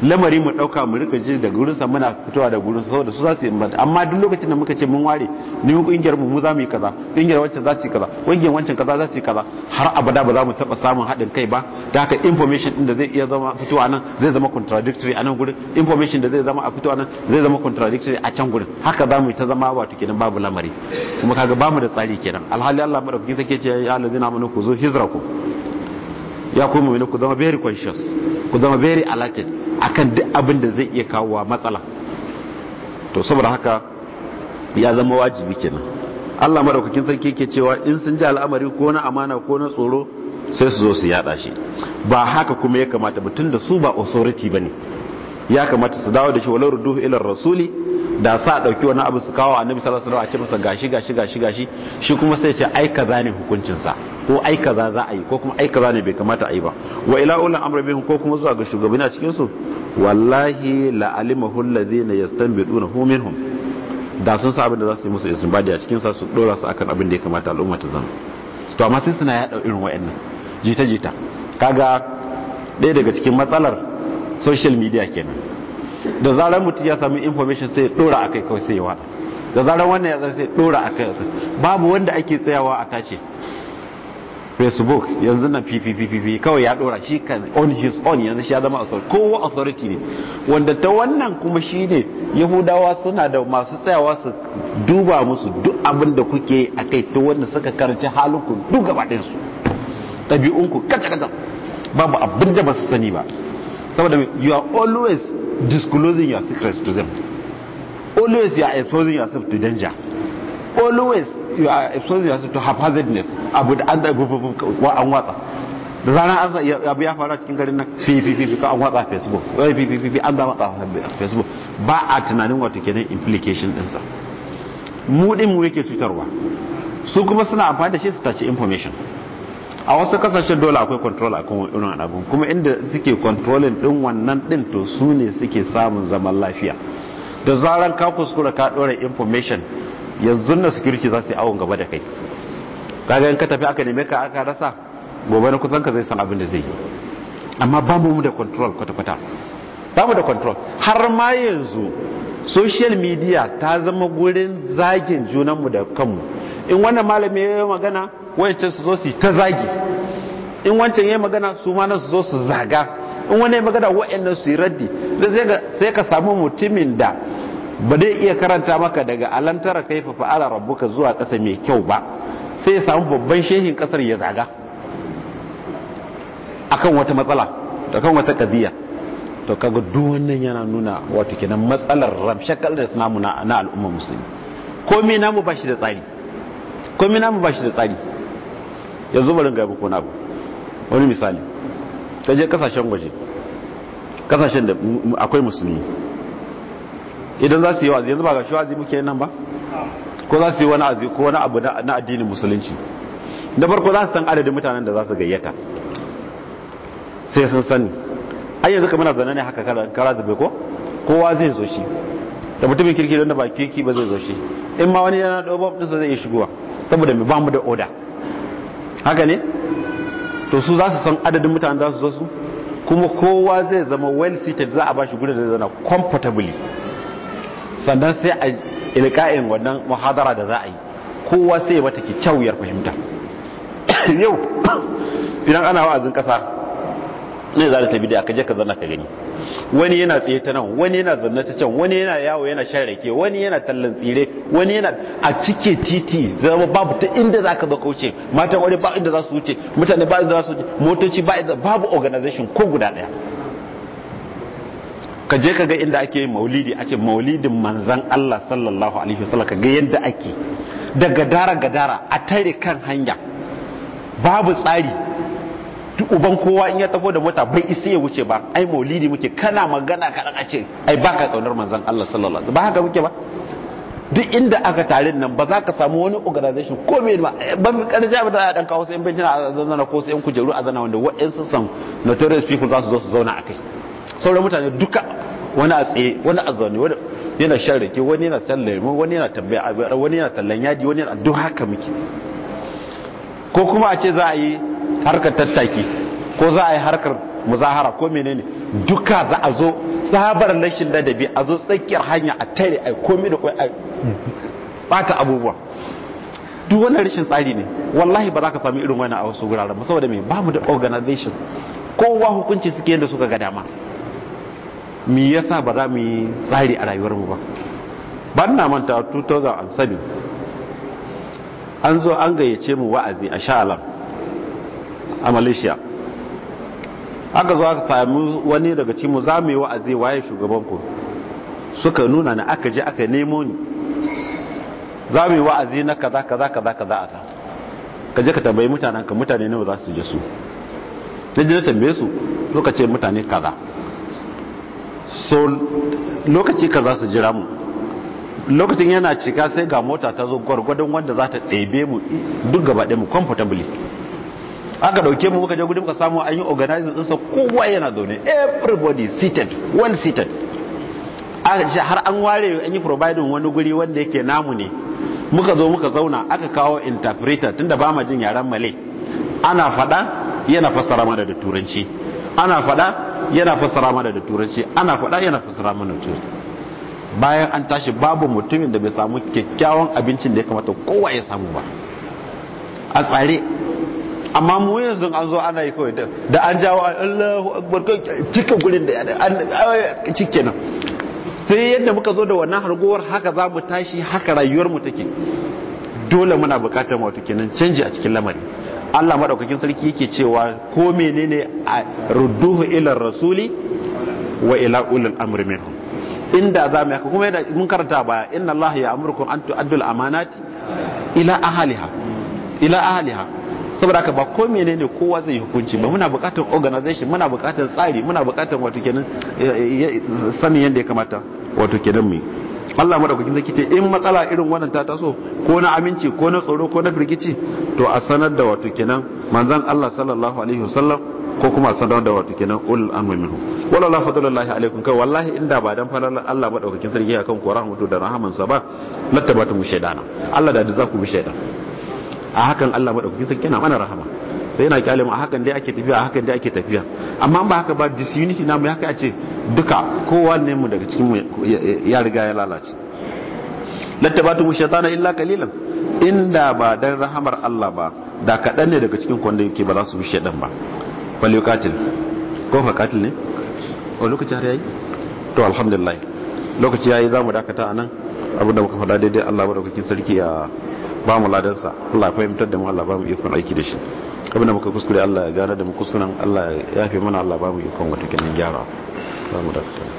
lamari mu dauka mu rika ji daga gurin sa muna fitowa da gurin saboda su za su yi amma duk lokacin da muka ce mun ware ni kungiyar mu mu za mu yi kaza kungiyar wancan za su yi kaza kungiyar wancan kaza za su yi kaza har abada ba za mu taba samun haɗin kai ba da haka information din da zai iya zama fitowa nan zai zama contradictory a nan gurin information da zai zama a fitowa nan zai zama contradictory a can gurin haka za mu yi ta zama wato kenan babu lamari kuma kaga bamu da tsari kenan alhali Allah madaukakin sake ce ya allazina amanu ku zo ku. ya kuma mini ku zama very conscious ku zama very alerted akan duk abin da zai iya kawowa matsala to saboda haka ya zama wajibi kenan Allah madaukakin sarki ke cewa in sun ji al'amari ko na amana ko na tsoro sai su zo su yada shi ba haka kuma ya kamata mutum da su ba authority bane ya kamata su dawo da shi walau ruduhu ila rasuli da sa dauki wani abu su kawo annabi sallallahu alaihi wasallam a ce masa gashi gashi gashi gashi shi kuma sai ya ce ai kaza ne hukuncin sa ko ai kaza za a yi ko kuma ai kaza ne bai kamata a yi ba wa ila ulul amri bihim ko kuma zuwa ga shugabanni a cikin su wallahi la alimahu alladhina yastanbiduna hum minhum da sun sa abin da za su yi musu istinbadi a cikin sa su dora su akan abin da ya kamata al'umma ta zama to amma sai suna yaɗa irin wayannan jita jita kaga ɗaya daga cikin matsalar social media kenan da zarar mutum ya sami information sai ya dora akai kawai sai ya wada da zarar wannan ya zai sai dora akai babu wanda ake tsayawa a tace facebook yanzu nan fifififi kawai ya dora shi kan on his own yanzu shi ya zama authority kowa authority ne wanda ta wannan kuma shi ne yahudawa suna da masu tsayawa su duba musu duk abin da kuke a kai ta wanda suka karanci halinku duk gaba ɗinsu ɗabi'unku kata-kata babu abin da ba su sani ba saboda you are always disclosing your secrets to them always you are exposing yourself to danger always you are exposing yourself to haphazardness abu da an an watsa da zarar an abu ya faru a cikin garin nan fi fi fi an watsa facebook wai fi fi fi an zama watsa facebook ba a tunanin wato kenan implication ɗinsa mu ɗin mu yake cutarwa su kuma suna amfani da shi su tace information a wasu kasashen dole akwai control a kuma irin abin kuma inda suke controlling din wannan din to su ne suke samun zaman lafiya da zarar ka kuskura ka ɗora information yanzu na security za su yi awon gaba da kai kaga in ka tafi aka neme ka aka rasa gobe na kusan ka zai san abin da zai yi amma ba mu da control kwata-kwata ba mu da control har ma yanzu social media ta zama gurin zagin junanmu da kanmu in wannan malami ya yi magana wancan su zo su ta zagi in wancan ya yi magana su ma su zo su zaga in wani ya magana wa'annan su yi raddi sai ka samu mutumin da ba zai iya karanta maka daga alantara fa fa'ala rabbuka zuwa ƙasa mai kyau ba sai ya samu babban shehin ƙasar ya zaga akan wata matsala da kan wata kadiya to kaga duk wannan yana nuna wato kenan matsalar ramshakal da namu na al'umma musulmi komai namu ba shi da tsari komai namu ba shi da tsari yanzu bari ga muku na abu wani misali sai je kasashen waje kasashen da akwai musulmi idan za su yi wa'azi yanzu ba ga shi wa'azi muke nan ba ko za su yi wani azi ko wani abu na addinin musulunci da farko za su san adadin mutanen da za su gayyata sai sun sani ai yanzu kamar zane ne haka kara zube ko kowa zai zo shi da mutumin kirki don da ba kirki ba zai zo shi in ma wani yana da ɗin sa zai iya shigowa saboda mai ba mu da oda haka ne to su za su san adadin mutanen za su zo su kuma kowa zai zama well seated za a ba shi gudun zai zana comfortably sannan sai a ilka'in wannan muhadara da za a yi kowa sai wata kyakkyawar fahimta yau idan ana wa'azin kasa ne za ta bidiya ka je ka zanna ka gani wani yana tsaye ta nan wani yana zanna ta can wani yana yawo yana shan rake wani yana tallan tsire wani yana a cike titi zama babu ta inda za ka zo wuce matan wani ba inda za su wuce mutane ba inda za su wuce motoci ba inda babu organization ko guda daya ka je ka ga inda ake yin maulidi a ce maulidin manzan Allah sallallahu alaihi wasallam ka ga yadda ake da gadara gadara a tare kan hanya babu tsari duk uban kowa in ya tafi da mota bai isa ya wuce ba ai maulidi muke kana magana kaɗan a ce ai baka kaunar manzan Allah sallallahu alaihi ba haka muke ba duk inda aka tare nan ba za ka samu wani organization ko me ba ban karja ba da dan kawo sai in bincina a zanna ko sai in kujeru a zanna wanda wa'ansu san notorious people za su zo su zauna a kai sauran mutane duka wani a tsaye wani a zaune wani yana shan rake wani yana san lemu wani yana tambaya wani yana tallan yadi wani yana duk haka muke ko kuma a ce za a yi harkar tattaki ko za a yi harkar muzahara ko menene duka za a zo sahabar rashin ladabi a zo tsakiyar hanya a tare a komi da a bata abubuwa duk wannan rashin tsari ne wallahi ba za ka sami irin wani a wasu wuraren saboda me ba mu da organization kowa hukunci suke yadda suka ga dama me yasa ba za mu yi tsari a rayuwarmu ba ba na manta 2007 an zo an gayyace mu wa'azi a sha'alam a malaysia aka zo aka sami wani daga cimu za mu yi wa'azi waye shugaban ku suka nuna na aka je aka nemo ni za mu yi wa'azi na kaza kaza kaza kaza a ta ka je ka tambayi mutanen ka mutane nawa za su je su ta je tambaye su lokacin ce mutane kaza so lokaci ka za su jira mu lokacin yana cika sai ga mota ta zo gwargwadon wanda za ta ɗebe mu duk gaba ɗaya mu comfortably aka ɗauke mu muka je gudun ka samu an yi organizing ɗinsa kowa yana zaune everybody seated well seated har an ware an yi providing wani guri wanda yake namu ne muka zo muka zauna aka kawo interpreter tunda ba ma jin yaren male ana fada yana fassara mana da turanci ana faɗa yana fassara mana da turanci ana fada yana fassara mana da turanci bayan an tashi babu mutumin da bai samu kyakkyawan abincin da ya kamata kowa ya samu ba a tsare amma mu yanzu an zo ana yi kawai da an jawo Allahu akbar cikin gurin da an cike nan sai yadda muka zo da wannan harguwar haka za mu tashi haka rayuwar mu take dole muna bukatar wato kenan canji a cikin lamari Allah madaukakin sarki yake cewa ko menene a rudduhu ila rasuli wa ila ulul amr minhum inda za mu yaka kuma mun karanta baya inna Allah ya amurkum an tu'addul amanati ila ahliha ila ahliha saboda haka ba ko menene kowa zai hukunci ba muna buƙatar organization muna buƙatar tsari muna buƙatar wato kenan sanin yadda ya kamata wato kenan mu Allah madaukakin zaki ce in matsala irin wannan ta taso ko na aminci ko na tsoro ko na firgici to a sanar da wato kenan manzon Allah sallallahu alaihi wasallam ko kuma a sanar da wato kenan ul amri minhu wallahi fadlullahi alaikum kai wallahi inda ba dan fara Allah madaukakin sarki akan ku rahmatu da rahaman sa ba lattabatu mu shaydana Allah da za ku bi shaydan a hakan Allah madaukakin sarki yana mana rahama sai yana kyale mu a hakan dai ake tafiya a hakan dai ake tafiya amma ba haka ba disunity na mu haka ce duka kowa ne mu daga cikin mu ya riga ya lalace lattabatu mu shaytana illa qalilan inda ba dan rahamar Allah ba da kadan ne daga cikin kwanda yake ba za su bi shaytan ba fal yuqatil ko fa qatil ne o lokaci har yayi to alhamdulillah lokaci yayi zamu dakata anan abinda muka faɗa daidai Allah da madaukakin sarki ya ba mu ladansa Allah ya fahimtar da mu Allah ba mu ikon aiki da shi abin da muka kuskure Allah ya gane da mu kuskuren Allah ya fi mana Allah ba mu ikon wata gyaran gyara ba mu